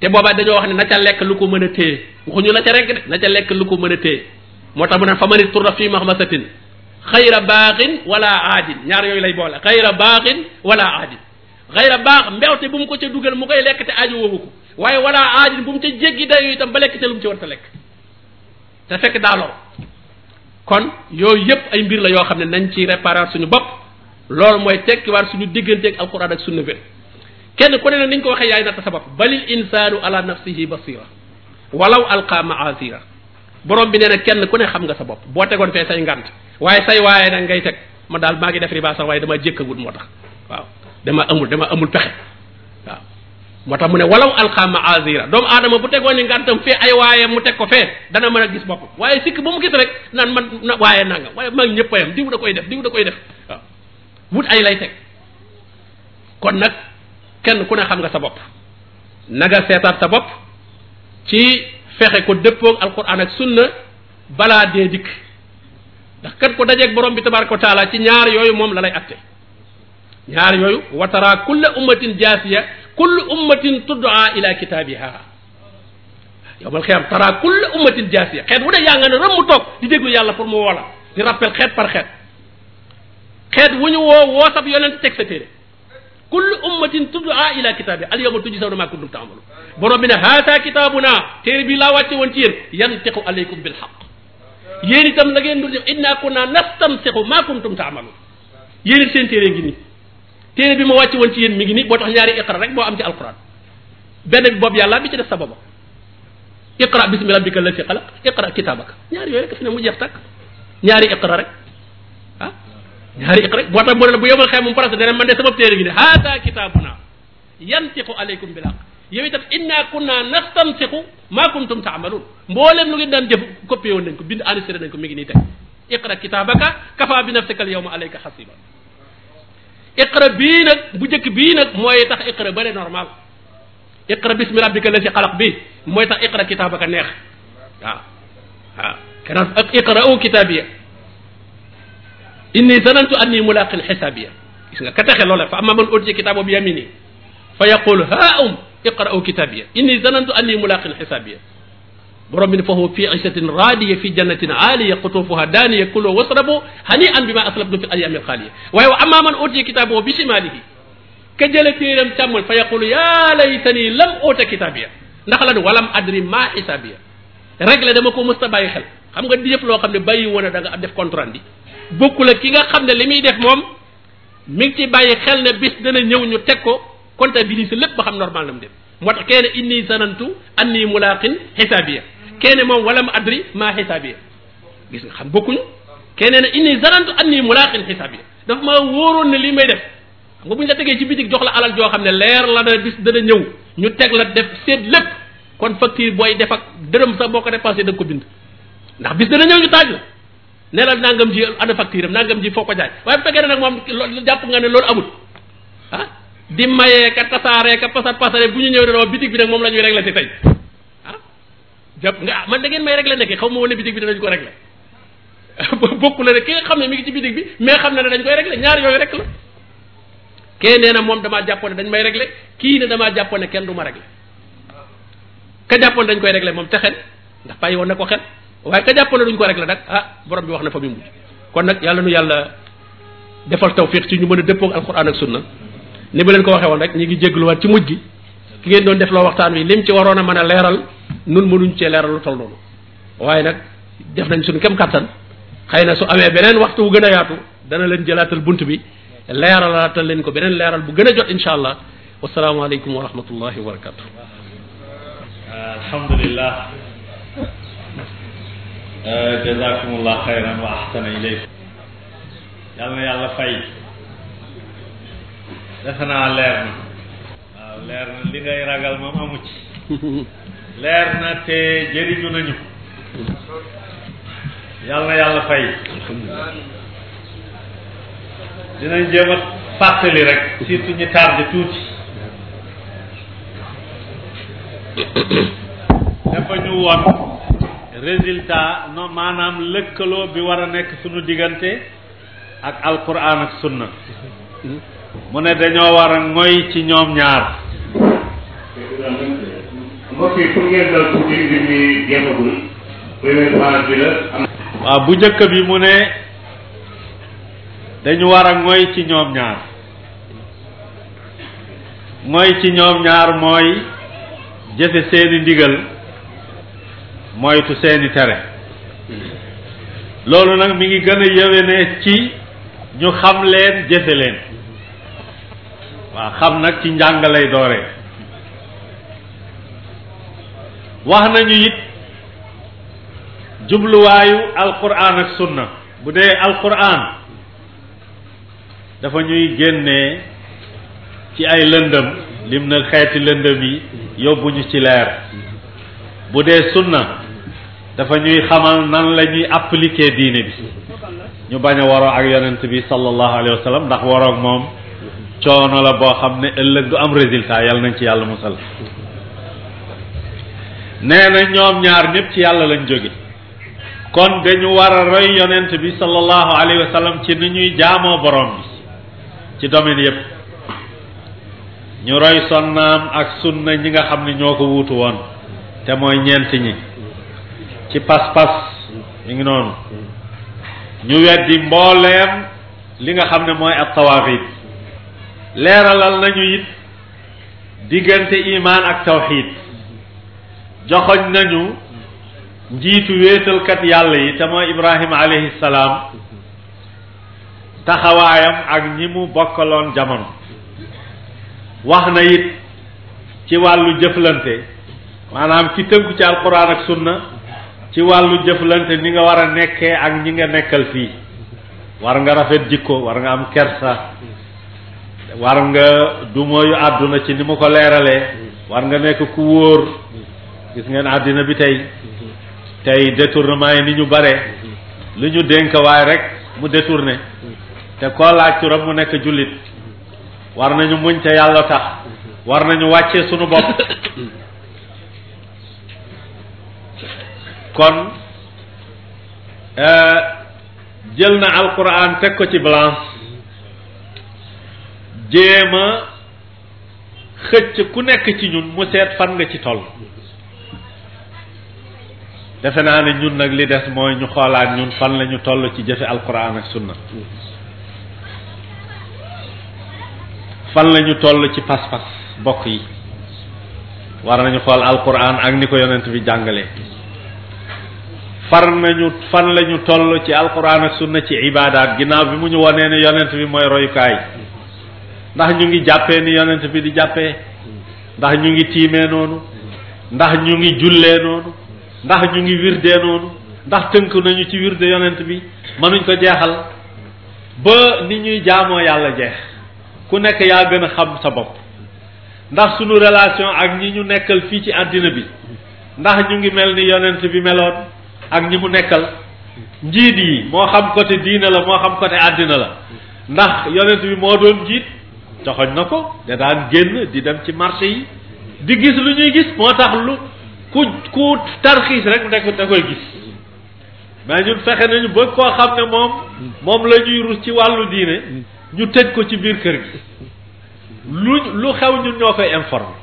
te boobaa dañoo wax ne na ca lekk lu ko mën a téye waxuñu na ca rek de na ca lekk lu ko mën a moo tax mu ne fa manit turra fii maxmasatin xayra baax wala aadin ñaar yooyu lay boole xayra baaxin wala aadin xayra baax mbewte bu mu ko ca dugal mu koy lekk te aajo woowu ko waaye wala aadin bu mu ca jéggi dayo itam ba lekk ca lu mu ci war ta lekk te fekk daaloo kon yooyu yépp ay mbir la yoo xam ne nañ ci réparer suñu bopp loolu mooy tekkiwaat suñu diggante ak alquran ak sunna bi kenn ku ne nag ni ñu ko waxee yaay natt sa bopp balil insaanu ala nafsihi basira walaw alqa maasira borom bi nee na kenn ku ne xam nga sa bopp boo tegoon fee say ngant waaye say waaye nag ngay teg ma daal maa ngi def riba sax waaye damaa jékkagut moo tax waaw dama amul dama amul pexe waaw moo tax mu ne walaw alxaama azira doomu aadama bu tegoon ni ngantam fee ay waaye mu teg ko fee dana mën a gis boppam waaye sikk bu mu gis rek naan man na waaye nanga waaye maa ngi ñëpp a yam diw da koy def diw da koy def waaw wut ay lay teg kon nag kenn ku ne xam nga sa bopp naga seetaat sa bopp ci fexe ko dëppoog alquran ak sunna balaa dee dikk ndax kat ko dajeeg borom bi tabaraka wa taala ci ñaar yooyu moom la lay atte ñaar yooyu watara kulla ummatin jaasiya kullu ummatin tuddaa ila kitaabiha yowmal xiyam tara kulla ummatin jaasiya xeet wu de yaa nga ne rëmm toog di déglu yàlla pour mu woola di rappel xeet par xeet xeet wu ñu woo woo sab yonent teg sa téere kullu ummatin tuddaa ila kitaabiha al yowma tujji saw na maa kuntum taamalu borom bi ne haata kitaabuna téere bi laa wàcce woon ci yéen yantiqu aleykum bil xaq yéen itam la ngeen dul def inna kunna nastamsiqu ma kuntum taamalu yéen it seen téere ngi nii téere bi ma wàcc woon ci yéen mi ngi nii boo tax ñaari iqra rek boo am ci alquran benn bi boobu yàlla bi ci def sa booba iqra bismi rabbika allati xalaq iqra kitabaka ñaari yooyu rek fi ne mu jeex takk ñaari iqra rek ah ñaari iqra rek boo tax mu ne la bu yomal xëy moom presque dana man de sama téere gi ne haada kitabuna yantiqu alaykum bil haqq yow itam inna kunna nastansiqu ma kuntum taamaluun mboolem lu ngeen daan jëf copié woon nañ ko bind enregistré nañ ko mi ngi nii tey iqra kitabaka kafa bi nafsika al yawma alayka xasiba iqra bii nag bu njëkk bii nag mooy tax iqra bare normal iqra bismi rabbika la si xalaq bi mooy tax iqra kitabaka neex waaw waaw keneen ak iqra'u kitabiya inni zanantu anni mulaqin xisaabiya gis nga ka texe loola fa amma man utiya kitaabahu bi yamini fa yaqul ha um iqra'u kitabiya inni zanantu anni mulaqin xisabiya borom bi ne fa huwa fi ichatin raadiya fi jannatin aaliya qutuufuha daaniya kulo wasrabo hani an bi ma aslabtu fi ayami alxaaliya waaye wa amma man utiya kitaabahu bi shimalihi ka jële téeram càmmoñ fa yaqulu yaa laytani lam uta kitaabiya ndax lan walam adri ma xisaabiya réglé dama ko mës ta bàyyi xel xam nga di yëpp loo xam ne bàyyi woon a da nga ab def contrat bi bokkul ak ki nga xam ne li muy def moom mi ngi ci bàyyi xel ne bis dana ñëw ñu teg ko comptabiliser lépp ba xam normal na mu dem moo tax kenn inni sanantu anni mulaqin xisaabiya kenn moom wala mu adri maa xisaabiya gis nga xam bokkuñu keneen kenn na inni sanantu anni mulaqin xisaabiya dafa ma wóoroon ne lii may def xam nga bu ñu tegee ci bitig jox la alal joo xam ne leer la dana ñëw ñu teg la def seet lépp kon facture booy def ak dërëm sax boo ko dépensé da nga ko bind ndax bis dana ñëw ñu taaj la ne la nangam ji ana facture am nangam ji foo ko jaay waaye bu fekkee ne nag moom jàpp nga ne loolu amut di mayee ka tasaaree ka pasar pasare bu ñu ñëw dana wax bitig bi nag moom la ñuy si tey ah jàpp nga ah man da ngeen may régler nekk xaw ma woon ne bitig bi danañ ko régler bokk la ne ki nga xam ne mi ngi ci bitig bi mais xam na ne dañ koy régler ñaar yooyu rek la kee nee na moom damaa jàppoon dañ may régler kii ne damaa jàppoon ne kenn du ma régler ka jàppoon dañ koy régler moom te xel ndax bàyyi woon na ko xel waaye ka jàppoon ne duñ ko régler nag ah borom bi wax na fa mu mujj kon nag yàlla nu yàlla defal tawfiq ci ñu mën a dëppoog alquran ak sunna ni ma leen ko waxee woon rek ñu ngi jégluwaat ci mujj gi ki ngeen doon def loo waxtaan wi lim ci waroon a mën a leeral nun mënuñ cee leeral lu toll noonu waaye nag def nañ suñu kem kattan xëy na su amee beneen waxtu bu gën a yaatu dana leen jëlaatal bunt bi leeralaatal leen ko beneen leeral bu gën a jot insha allah wasalaamaaleykum wa rahmatullahi wa barakatu alhamdulilah eh, jazakumullah xayran wa ahsana ilaykum yàlla yàlla fay defe naa leer na waaw leer na li ngay ragal moom amu ci leer na te jëriñu nañu yàlla yàlla fay dinañ jéem a fàttali rek surtout ñu tardé tuuti dafa ñu woon résultat maanaam lëkkaloo bi war a nekk suñu diggante ak alquran ak sunna mu ne dañoo war a ngoy ci ñoom ñaar. mbokk bu jëkk bi mu ne dañu war a ngoy ci ñoom ñaar ngoy ci ñoom ñaar mooy jëfe seeni ndigal moytu seeni tere loolu nag mi ngi gën a yëwe ne ci ñu xam leen jëfe leen. waa xam nag ci njàng lay dooree wax nañu it jubluwaayu alquran ak sunna bu dee alquran dafa ñuy génnee ci ay lëndëm lim na xeeti lëndëm yi yóbbuñu ci leer bu dee sunna dafa ñuy xamal nan lañuy ñuy appliquer bi ñu bañ a waroo ak yenent bi sallallahu alayhi wa ndax waroog moom coono la boo xam ne ëllëg du am résultat yàlla nañ ci yàlla musal nee na ñoom ñaar ñëpp ci yàlla lañ jóge kon dañu war a roy yonent bi sallallahu alayhi wa ci ni ñuy jaamoo borom bi ci domaine yépp ñu roy sonnaam ak sunna ñi nga xam ne ñoo ko wuutu woon te mooy ñeent ñi ci pas-pas ñu ngi noonu ñu weddi mbooleem li nga xam ne mooy at tawaafit leeralal nañu it diggante imaan ak tawxiid joxoñ nañu njiitu wéetalkat yàlla yi te mooy Ibrahima alayhi salaam taxawaayam ak ñi mu bokkaloon jamono wax na it ci wàllu jëflante maanaam ki tënku ci alquran ak sunna ci wàllu jëflante ni nga war a nekkee ak ñi nga nekkal fii war nga rafet jikko war nga am kersa war nga du mooyu àdduna ci ni mu ko leeralee war nga nekk ku wóor gis ngeen àddina bi tey tey détournement yi ni ñu bare lu ñu dénk waaye rek mu détourné te koo laaj mu nekk jullit war nañu muñ te yàlla tax war nañu wàccee sunu bopp kon euh, jël na alquran teg ko ci balance jéem xëcc ku nekk ci ñun mu seet fan nga ci toll defe naa ne ñun nag li des mooy ñu xoolaat ñun fan lañu ñu toll ci jëfe alquran ak sunna fan la ñu toll ci pas-pas bokk yi war nañu xool alquran ak ni ko yonent bi jàngale far nañu fan lañu ñu toll ci alquran ak sunna ci ibaadaat ginnaaw bi mu ñu wonee ne yonent bi mooy royukaay ndax ñu ngi jàppee ni yonent bi di jàppee ndax ñu ngi tiimee noonu ndax ñu ngi jullee noonu ndax ñu ngi wirdee noonu ndax tënk nañu ci wirde yonent bi mënuñ ko jeexal ba ni ñuy jaamoo yàlla jeex ku nekk yaa gën a xam sa bopp ndax sunu relation ak ñi ñu nekkal fii ci àddina bi ndax ñu ngi mel ni yonent bi meloon ak ñi mu nekkal njiit yi moo xam côté diina la moo xam côté àddina la ndax yonent bi moo doon njiit joxoñ na ko de daan génn di dem ci marché yi di gis lu ñuy gis moo tax lu ku ku tarxiis rek nekk da koy gis mais ñun fexe nañu ba koo xam ne moom moom la ñuy rus ci wàllu diine ñu tëj ko ci biir kër gi lu lu xew ñun ñoo koy informer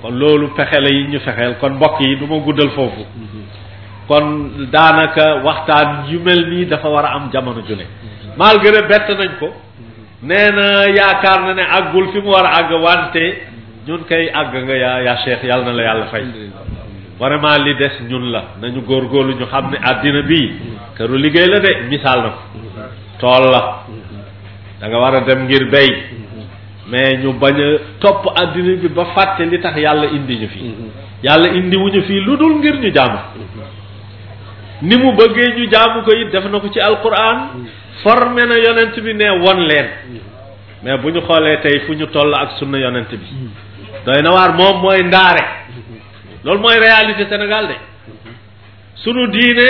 kon loolu pexe yi ñu fexeel kon mbokk yi du guddal foofu kon daanaka waxtaan yu mel nii dafa war a am jamono ju ne malgré bett nañ ko nee na yaakaar na ne àggul fi mu war a àgg wante ñun kay àgg nga yaa yaa yàlla na la yàlla fay vraiment li des ñun la nañu góor góorgóorlu ñu xam ne àddina bii këru liggéey la de misaal na ko tool la danga war a dem ngir béy mais ñu bañ a topp àddina bi ba fàtte li tax yàlla indi ñu fii yàlla indi wuñu fii lu dul ngir ñu jaamu ni mu bëggee ñu jaamu ko it def na ko ci alquran formé na yonent bi ne won leen mais bu ñu xoolee tey fu ñu toll ak sunna yonent bi doy na waar moom mooy ndaare loolu mooy réalité Sénégal de sunu diine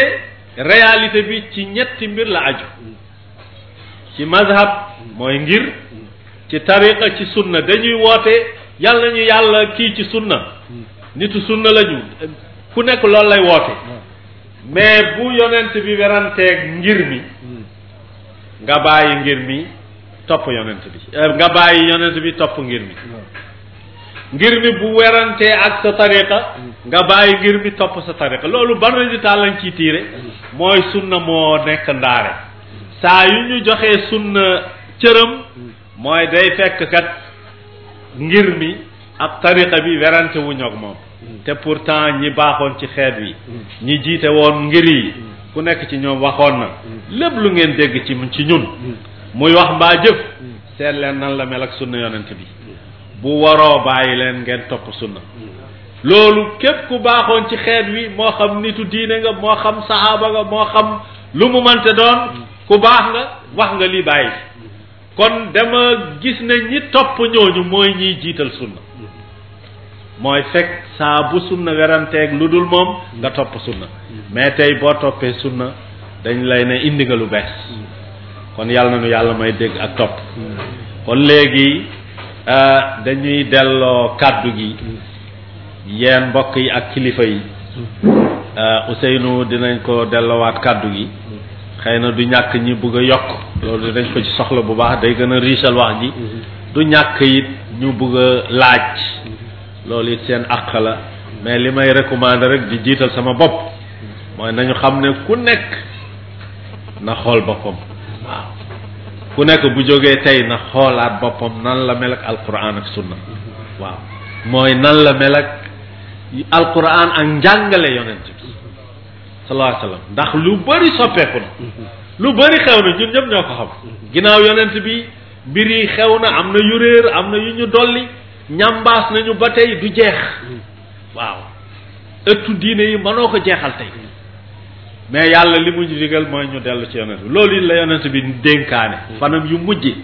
réalité bi ci ñetti mbir la aju ci mazhab mooy ngir ci tariqa ci sunna dañuy woote yàlla nañu yàlla kii ci sunna nitu sunna lañu ku nekk loolu lay woote mais bu yonent bi weranteeg ngir mi nga bàyyi ngir mi topp yonent bi eh, nga bàyyi yonent bi topp ngir mi ngir mi bu werantee ak sa tariqa nga bàyyi ngir mi topp sa tariqa loolu ban résultat lañ ciy tiire mooy sunna moo nekk ndaare saa yu ñu joxee sunna cëram mooy day fekk kat ngir mi ak tariqa bi werante wu ak moom mm. te pourtant ñi baaxoon ci xeet wi mm. ñi jiite woon ngir yi mm. ku nekk ci ñoom waxoon na mm. lépp lu ngeen dégg ci ci ñun mm. muy wax mbaa jëf mm. seet leen nan la mel ak sunna yonent bi bu waroo bàyyi leen ngeen topp sunna loolu képp ku baaxoon ci xeet wi moo xam nitu diine nga moo xam saxaaba nga moo xam lu mu mante doon ku baax nga wax nga li bàyyi kon dama gis ne ñi topp ñooñu mooy ñiy jiital sunna mooy fekk saa bu sunna weranteeg lu dul moom nga topp sunna mais tey boo toppee sunna dañ lay ne indi nga lu bees kon yàlla na nu yàlla may dégg ak topp kon léegi euh, dañuy delloo kàddu gi yéen mbokk yi ak kilifa yi euh, Ousseynou dinañ ko delloowaat kàddu gi xëy na du ñàkk ñi bugg a yokk loolu dinañ ko ci soxla bu baax day gën a riisal wax ji du ñàkk yit ñu bugg laaj loolu it seen àq la mais li may recommander rek di jiital sama bopp mooy nañu xam ne ku nekk na xool boppam waaw ku nekk bu jógee tey na xoolaat boppam nan la mel ak alquran ak sunna waaw mooy nan la mel ak alquran ak njàngale yonent bi sallallahu alayhi ndax lu bari soppeeku na lu bari xew na ñun ñëpp ñoo ko xam ginnaaw yonent bi mbir yi xew na am na yu réer am na yu ñu dolli ñambaas nañu ba tey du jeex waaw ëttu diine yi mënoo ko jeexal tey mais yàlla li mu ñu mooy ñu dellu ci yonent bi loolu it la yonent bi dénkaane fanam yu mujj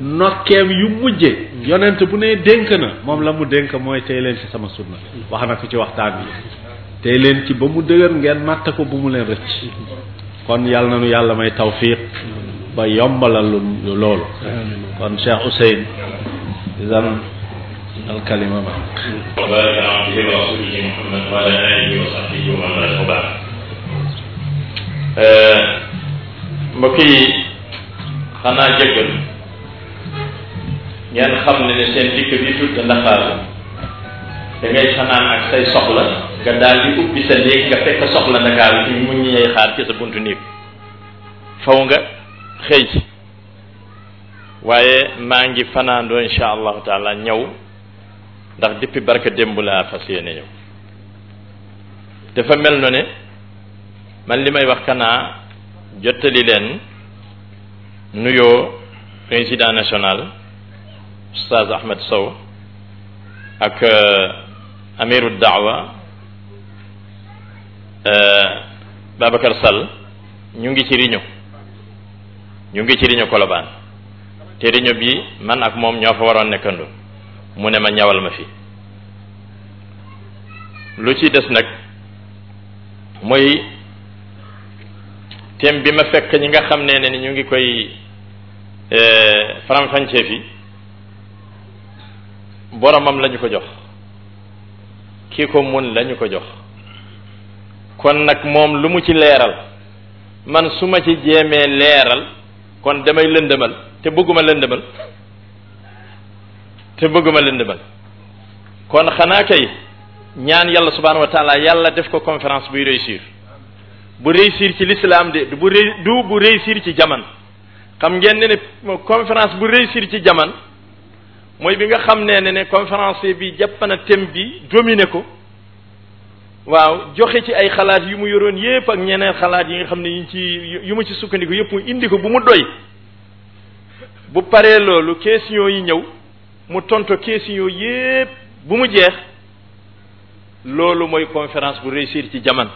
nokkeem yu mujje yonent bu ne dénk na moom la mu dénk mooy tey leen ci sama sunna wax na ko ci waxtaan bi tey leen ci ba mu dëgër ngeen màtt ko bu mu leen rëcc kon yàlla na nu yàlla may tawfiq ba yombalal lu loolu kon Cheikh Ousseynou إذا الكلمة معك وبارك على عبده ورسوله محمد وعلى آله وصحبه ومن والاه وبعد mbokk yi xanaa jëggal ngeen xam ne ne seen dikk bi tudd Ndakaaru da ngay fanaan ak say soxla nga daal di ubbi sa néeg nga fekk soxla Ndakaaru ci mu ñëwee xaar ci sa buntu néeg faw nga xëy waaye maa ngi fanaandoo incha allahu taala ñëw ndax depuis barka démb laa fas yéene ñëw dafa mel na ne man li may wax kanaa jottali leen nuyoo président national oustaz Ahmed Sow ak euh, amiru daawa euh, Babacar Sall ñu ngi ci riñu ñu ngi ci riñu Colobane tériño bi man ak moom ñoo fa waroon nekkandoo mu ne ma ñawal ma fi lu ci des nag mooy thème bi ma fekk ñi nga xam ne ni ñu ngi koy euh, faram-fàccee fi boromam la ko jox kii ko mun la ko jox kon nag moom lu mu ci leeral man su ma ci jéemee leeral kon damay lëndëmal te bëgguma lëndëmal te bëgguma lëndëmal kon xanaa kay ñaan yàlla subhanahu wa yàlla def ko conférence buy réussir bu réussir ci l'islam de bu ré du bu réussir ci jaman xam ngeen ne ne conférence bu réussir ci jaman mooy bi nga xam ne ne ne conférencier bi jàpp na thème bi dominé ko waaw joxe ci ay xalaat yu mu yoroon yépp ak ñeneen xalaat yi nga xam ne yi ci yu mu ci sukkandiku yépp mu indi ko bu mu doy bu paree loolu question yi ñëw mu tontu question yépp bu mu jeex loolu mooy conférence bu réussir ci jamono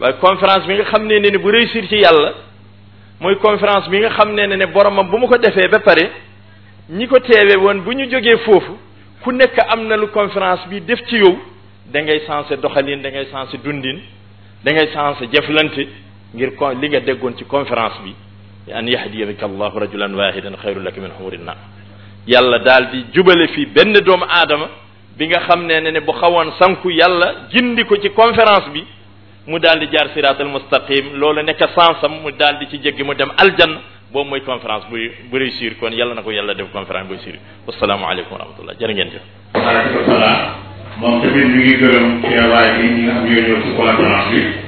waaye conférence bi nga xam ne ne bu réussir ci yàlla mooy conférence bi nga xam ne ne boromam bu ma ko defee ba pare ñi ko teewee woon bu ñu jógee foofu ku nekk am na lu conférence bi def ci yow da ngay sensé doxalin da ngay sensé dundin da ngay sensé jëflante ngir li nga déggoon ci conférence bi bi an yahdiya bika allahu rajulan wahidan daal di jubale fii benn doomu aadama bi nga xam ne ne ne bu xawoon sanku yàlla jindi ko ci conférence bi mu daal di jaar siraatal mustaqim loolu nekk sansam mu daal di ci jéggi mu dem aljanna boobu mooy conférence buy bu réussir kon yalla na ko yàlla def conférence buy réussir wasalaamualeykum wa rahmatullah jërë ngeen jëf. waaleykum salaam moom tamit ñu ngi gërëm teewaay bi bi.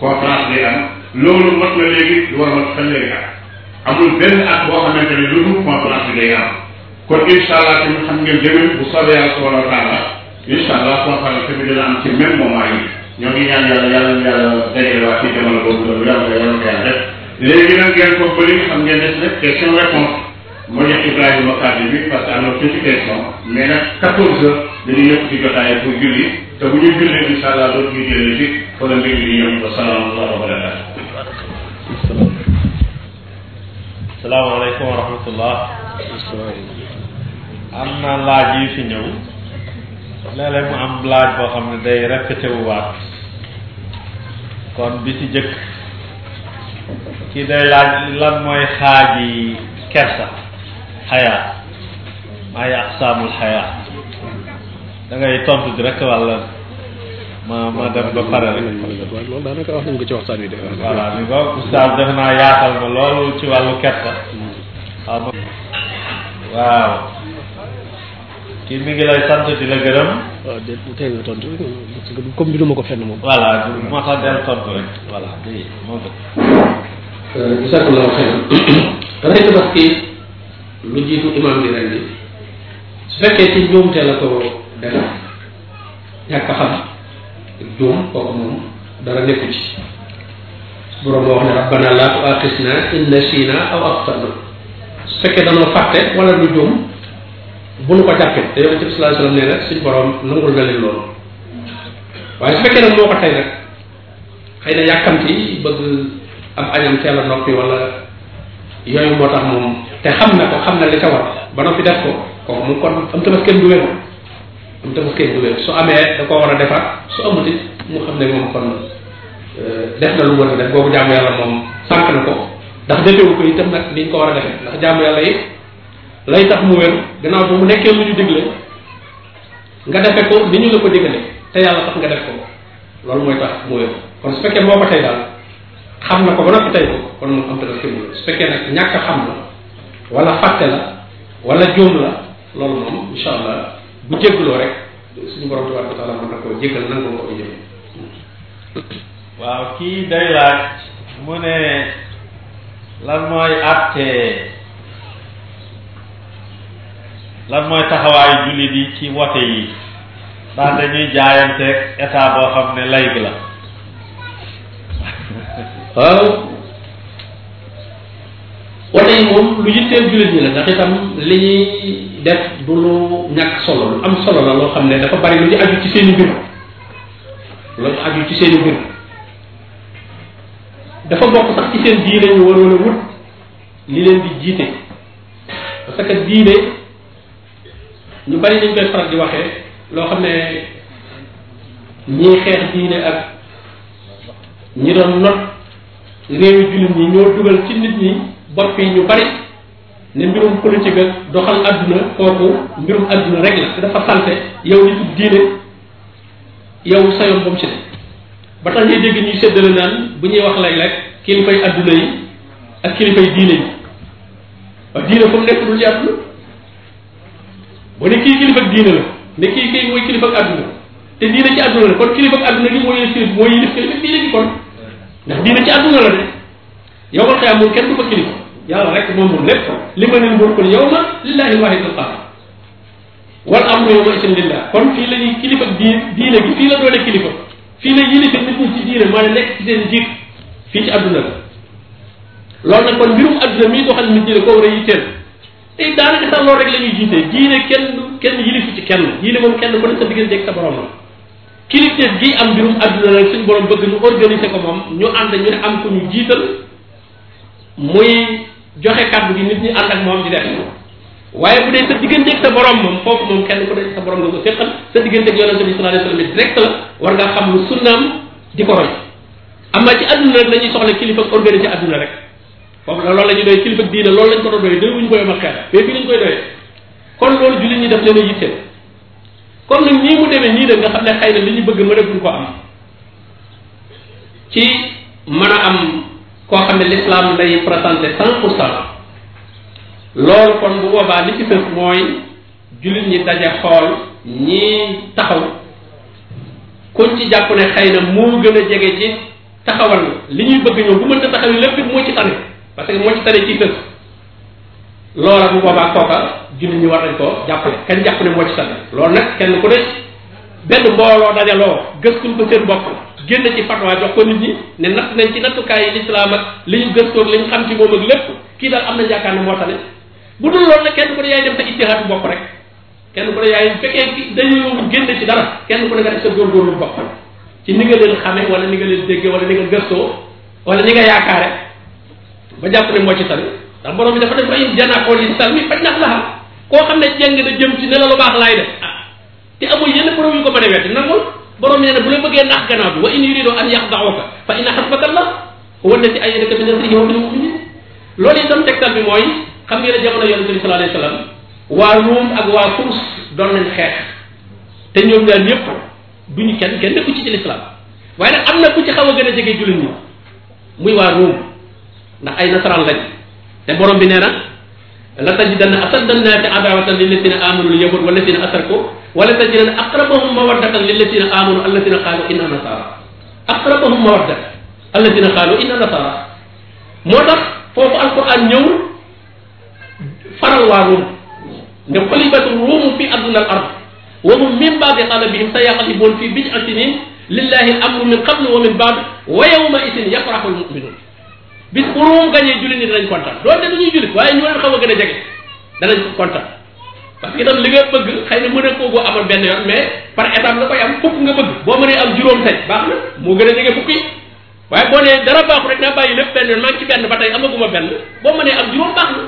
conférence day am loolu mot na léegi lu war a mot fanweeri at amul benn at boo xamante ne lu dul conférence bi day am kon incha allah tamit xam ngeen déwén bu soobee yàlla subhanahu wa taala incha allah conférence bi dina am ci même moment yi ñoo ngi ñaan yàlla yàlla yàlla dajale waa ci jamono boobu loolu yàlla ko yàlla ko yàlla def léegi nag ngeen ko bëri xam ngeen des nag question réponse ma jox Ibrahima kàddu bi parce que am na tuuti question mais nag quatorze heures dañuy yëpp ci jotaay pour julli te bu ñu jullee incha allah dootu ñu jëlee ci fa la mbir mi di ñëw wa salaamaaleykum wa rahmatulah. salaamaaleykum wa rahmatulah. am na laaj yi fi ñëw. léeg-léeg mu am laaj boo xam ne day répété wu waat. kon bi ci jëkk. kii day laaj lan mooy xaaji kersa. xayaa. maay aqsaamul xayaa. da ngay tontu di rek wala ma ma dem ba pare rek. loolu daanaka wax nañ ko ci waxtaan wi de. voilà li ko oustaz naa yaatal na loolu ci wàllu kersa. waaw. kii mi ngi lay sant di la gërëm. comme bi du ma ko fenn moom. voilà moo tax del tontu rek voilà léegi moo gën. Euh, su fekkee ci njuumte la ko. dana ñàkk a xam juum kooku moom dara nekku ci borom boo wax ne rabbana laa tu'aaxisna na nasiina aw axtana su fekkee danoo fàtte wala lu juum bu nu ko jàppee te yonent na suñ borom nangul na moo ko tey nag xëy na yàkkamti bëgg am añam teel a noppi wala yooyu moo tax moom te xam na ko xam na li ca war ba noppi def ko kooku moom kon am tamas kenn du wér bu tabaskee bu wér su amee da war a defar su amut it mu xam ne moom kon euh, def na lu war def boobu jaamu yàlla moom sànq na ko ndax defewu ko itam nag niñ ko war a defee ndax jaamu yàlla yi lay tax mu wér bu mu nekkee lu ñu digle nga defe ko la ko digale te yàlla tax nga def ko loolu mooy tax mu wér kon su fekkee moo ko tey daal ko ba noppi tey ko kon moom su fekkee nag ñàkk xam la wala fàtte la wala jóom la loolu moom incha allah bu jéggaloo rek suñu borom tabaraka taala na koo jéggal nangu nga ko jëfe waaw kii day laaj mu ne lan mooy àtte lan mooy taxawaayu jullit yi ci wote yi ndax dañuy jaayanteeg état boo xam ne lay bi la waaw moom lu yitteel jullit ñi la ndax itam li ñuy def du lu ñàkk solo lu am solo la loo xam ne dafa bari lu ñu aju ci seen i mbir lu ci seen i mbir dafa bokk sax ci seen diine ñu waroon a wut li jiite parce que diine ñu bari dañ koy faral di waxee loo xam ne ñiy xeex diine ak ñi doon not réewi jullit ñi ñoo dugal ci nit ñi. bopp yi ñu bari ne mbirum politique ak doxal adduna kooku mbirum adduna rek la te dafa salte yow nitu diine yow sa yoon ba mu ci ne ba tax ñuy dégg ñuy séddale naan bu ñuy wax léeg-léeg kilifay adduna yi ak kilifay diine yi waaye diine fu mu ci adduna boo ne kii kilifa diine la ne kii mooy kilifa adduna te diine ci adduna la kon kilifa adduna gi mooy yëf kilif mooy yëf kilifa diine gi kon ndax diine ci adduna la de yow ba xëy amul yàlla rek moom moom lépp li ma leen mbokkul yow ma lillahi wahidul qahar wal amru yow ma isin lillah kon fii la ñuy kilifa diine diine gi fii la doone kilifa fii la yilifa nit ñi ci diine maa ne nekk ci seen jiit fii ci adduna la loolu nag kon mbirum adduna mii doxal nit ñi da koo war a yitteel tey daanaka sax loolu rek la jiite diine kenn kenn yilifu ci kenn diine moom kenn ku ne sa diggante ak sa borom la gi am mbirum adduna la suñ borom bëgg ñu organiser ko ñu ànd ñu am ku ñu jiital joxe kàddu gi nit ñi ànd ak moom di def waaye bu dee sa digganteeg sa borom moom foofu moom kenn ku dee sa borom nga ko séqal sa digganteeg yonente bi sallallahu alayhi wasallam direct la war nga xam lu sunnaam di ko roy amma ci adduna rek la ñuy soxla kilifa organisé adduna rek foofu la loolu la ñuy doy kilifa diine loolu lañ ko doon doy doy wuñu koy ma xeer mais fii lañ koy doyee kon loolu jullit ñi daf leen a yitteel comme nag nii mu demee nga xam ne xëy na li ñu bëgg mënaguñ ko am ci mën a am koo xam ne l'islam lay présenté cent pour cent loolu kon bu boobaa li ci fës mooy jullit ñi daje xool ñii taxaw kon ci jàpp ne xëy na moo gën a jege ci taxawal li ñuy bëgg ñoom bu mënta taxaw yi lépp moo ci tane parce que moo ci tane ci fës loola bu boobaa kooka jullit ñi war nañ ko jàppale kenn jàpp ne moo ci tane loolu nag kenn ku ne benn mbooloo dajaloo gëstuñ ko seen bopp génn ci fatwa jox ko nit ñi ne natt nañ ci nattukaay yi lislaam ak li ñu gëstoog li ñu xam ci moom ak lépp kii daal am na yaakaar ne moo tax ne bu dul loolu nag kenn ku ne yaay dem sa ijtihaadu bopp rek kenn ku ne yaay fekkee dañu génn ci dara kenn ku ne nga def sa góorgóorlu bopp ni nga leen xame wala ni nga leen déggee wala ni nga gëstoo wala ni nga yaakaare ba jàpp ne moo ci tali ndax borom bi dafa dem def ay janaaxool yi salmi faj nax la xam koo xam ne jàng na jëm ci ne la lu baax laay def ah te amul yenn borom yu ko mën a wett borom nee na bu la bëggee naax gannaaw bi wa in yuridu an yaxda'uka fa inna xasbaka Allah huwa alladi ayyadaka bi nasrihi wa bil mu'minin loolu itam tegtal bi mooy xam ngeen ne jamono yonente bi sallallahu alayhi wa sallam waa Ruum ak waa Furs doon nañ xeex te ñoom daal ñëpp duñu kenn kenn nekku ci ci lislaam waaye nag am na ku ci xaw a gën a jege jullit ñi muy waa Ruum ndax ay nasaraan lañ te borom bi nee na la tajidanna ashadda an-naasi adaawatan lilladiina aamanu al-yahuud walladiina asraku wala tajidanna aqrabahum mawaddatan lillazina amanu allazina qalu inna nasara aqrabahum mawaddatan allazina qalu inna nasara moo tax foofu alquran ñëw faral waa ruum ne xulibat ruumu fi adna al ard wa hum min baadi qalabihim sa yaqlibuun fi bid'a sinin lillahi al amru min qablu wa min baad wa yawma isin yafrahu al mu'minun bis bu ruum gañee julli nit dañ kontaan doonte du ñuy jullit waaye ñu leen xaw a gën a jege danañ kontaan parce que itam li nga bëgg xëy na mën a koo amal benn yoon mais par étape la koy am fukk nga bëgg boo mënee am juróom tey baax na moo gën a jege fukk waaye boo nee dara baaxu rek naa bàyyi lépp benn yoon maa ngi ci benn ba tey amaguma benn boo mënee am juróom baax na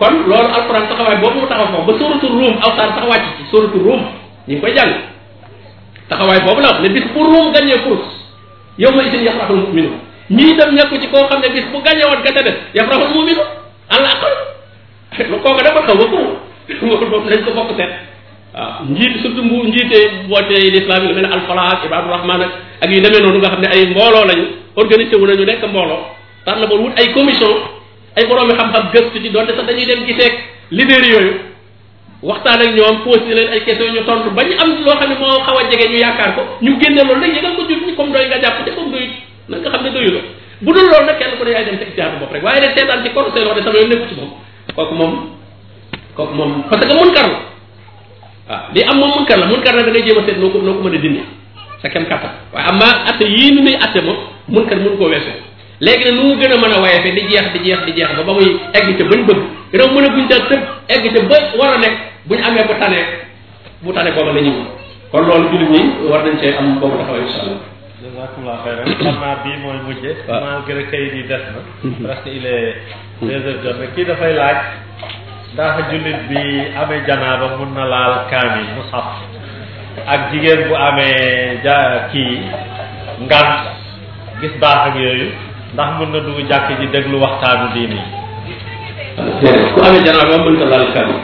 kon loolu alxuraan taxawaay boobu mu taxaw foofu ba sóoratu ruum awsaan sax wàcc ci sóoratu ruum ñu ngi koy jàng taxawaay boobu la wax ne bis bu ruum gañee furus yow ma isin ci koo xam ne bis bu gañee woon ka ca des yafraxul muminu àlla akal lu kooka a loolu moom nañ ko bokk seet waaw njiit surtout mbu njiitee bootee l'islam yi lu mel ne alfalaah ak ibaadu rahmaan ak ak yu demee noonu nga xam ne ay mbooloo lañu organisé wu nañu nekk mbooloo tànn ba wut ay commission dem giseeg ba ñu am loo xam ne moo xaw a jege ñu yaakaar ko ñu génne ko jur ñi ci bopp rek de sama yoon nekku ci moom kooku moom kooku moom parce que munkar la waaw ah. li am moom munkar la munkar nag da ngay jéem a seet noo ko noo ko mën a dindi sa kem kattan waaye am naa atte yii nu muy atte moom munkar mun koo weesoo léegi na nu mu gën a mën a wayefee di jeex di jeex di jeex ba ba muy egg ca bañ bëgg gënaw mën a buñ daa tëb egg ca ba war a nekk ñu amee ba tane bu tane booba la ñu kon loolu jullit ñi war nañ see am boobu taxawaay insha allah jazakumullah xayran xam naa bii mooy mujje a kayit yi des na mhm. presque kii dafay laaj ndax jullit bi amee janaaba mun na laal kaamil mu saf ak jigéen bu amee ja kii ngant gis baax ak yooyu ndax mun na dugg jàkk ji déglu waxtaanu diine yi déedéet ku amee janaaba mënta laal kaamil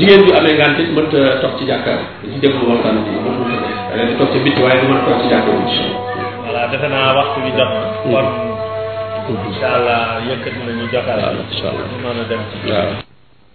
jigéen bi amee ngant it mënta toog ci jàkka di déglu waxtaanu diine da leen di toog ci bitti waaye du mën a ci jàkka voilà defe naa waxtu bi jot hmm. kon incha allah yëkkat nañu jotaal incha allah ñu a dem ci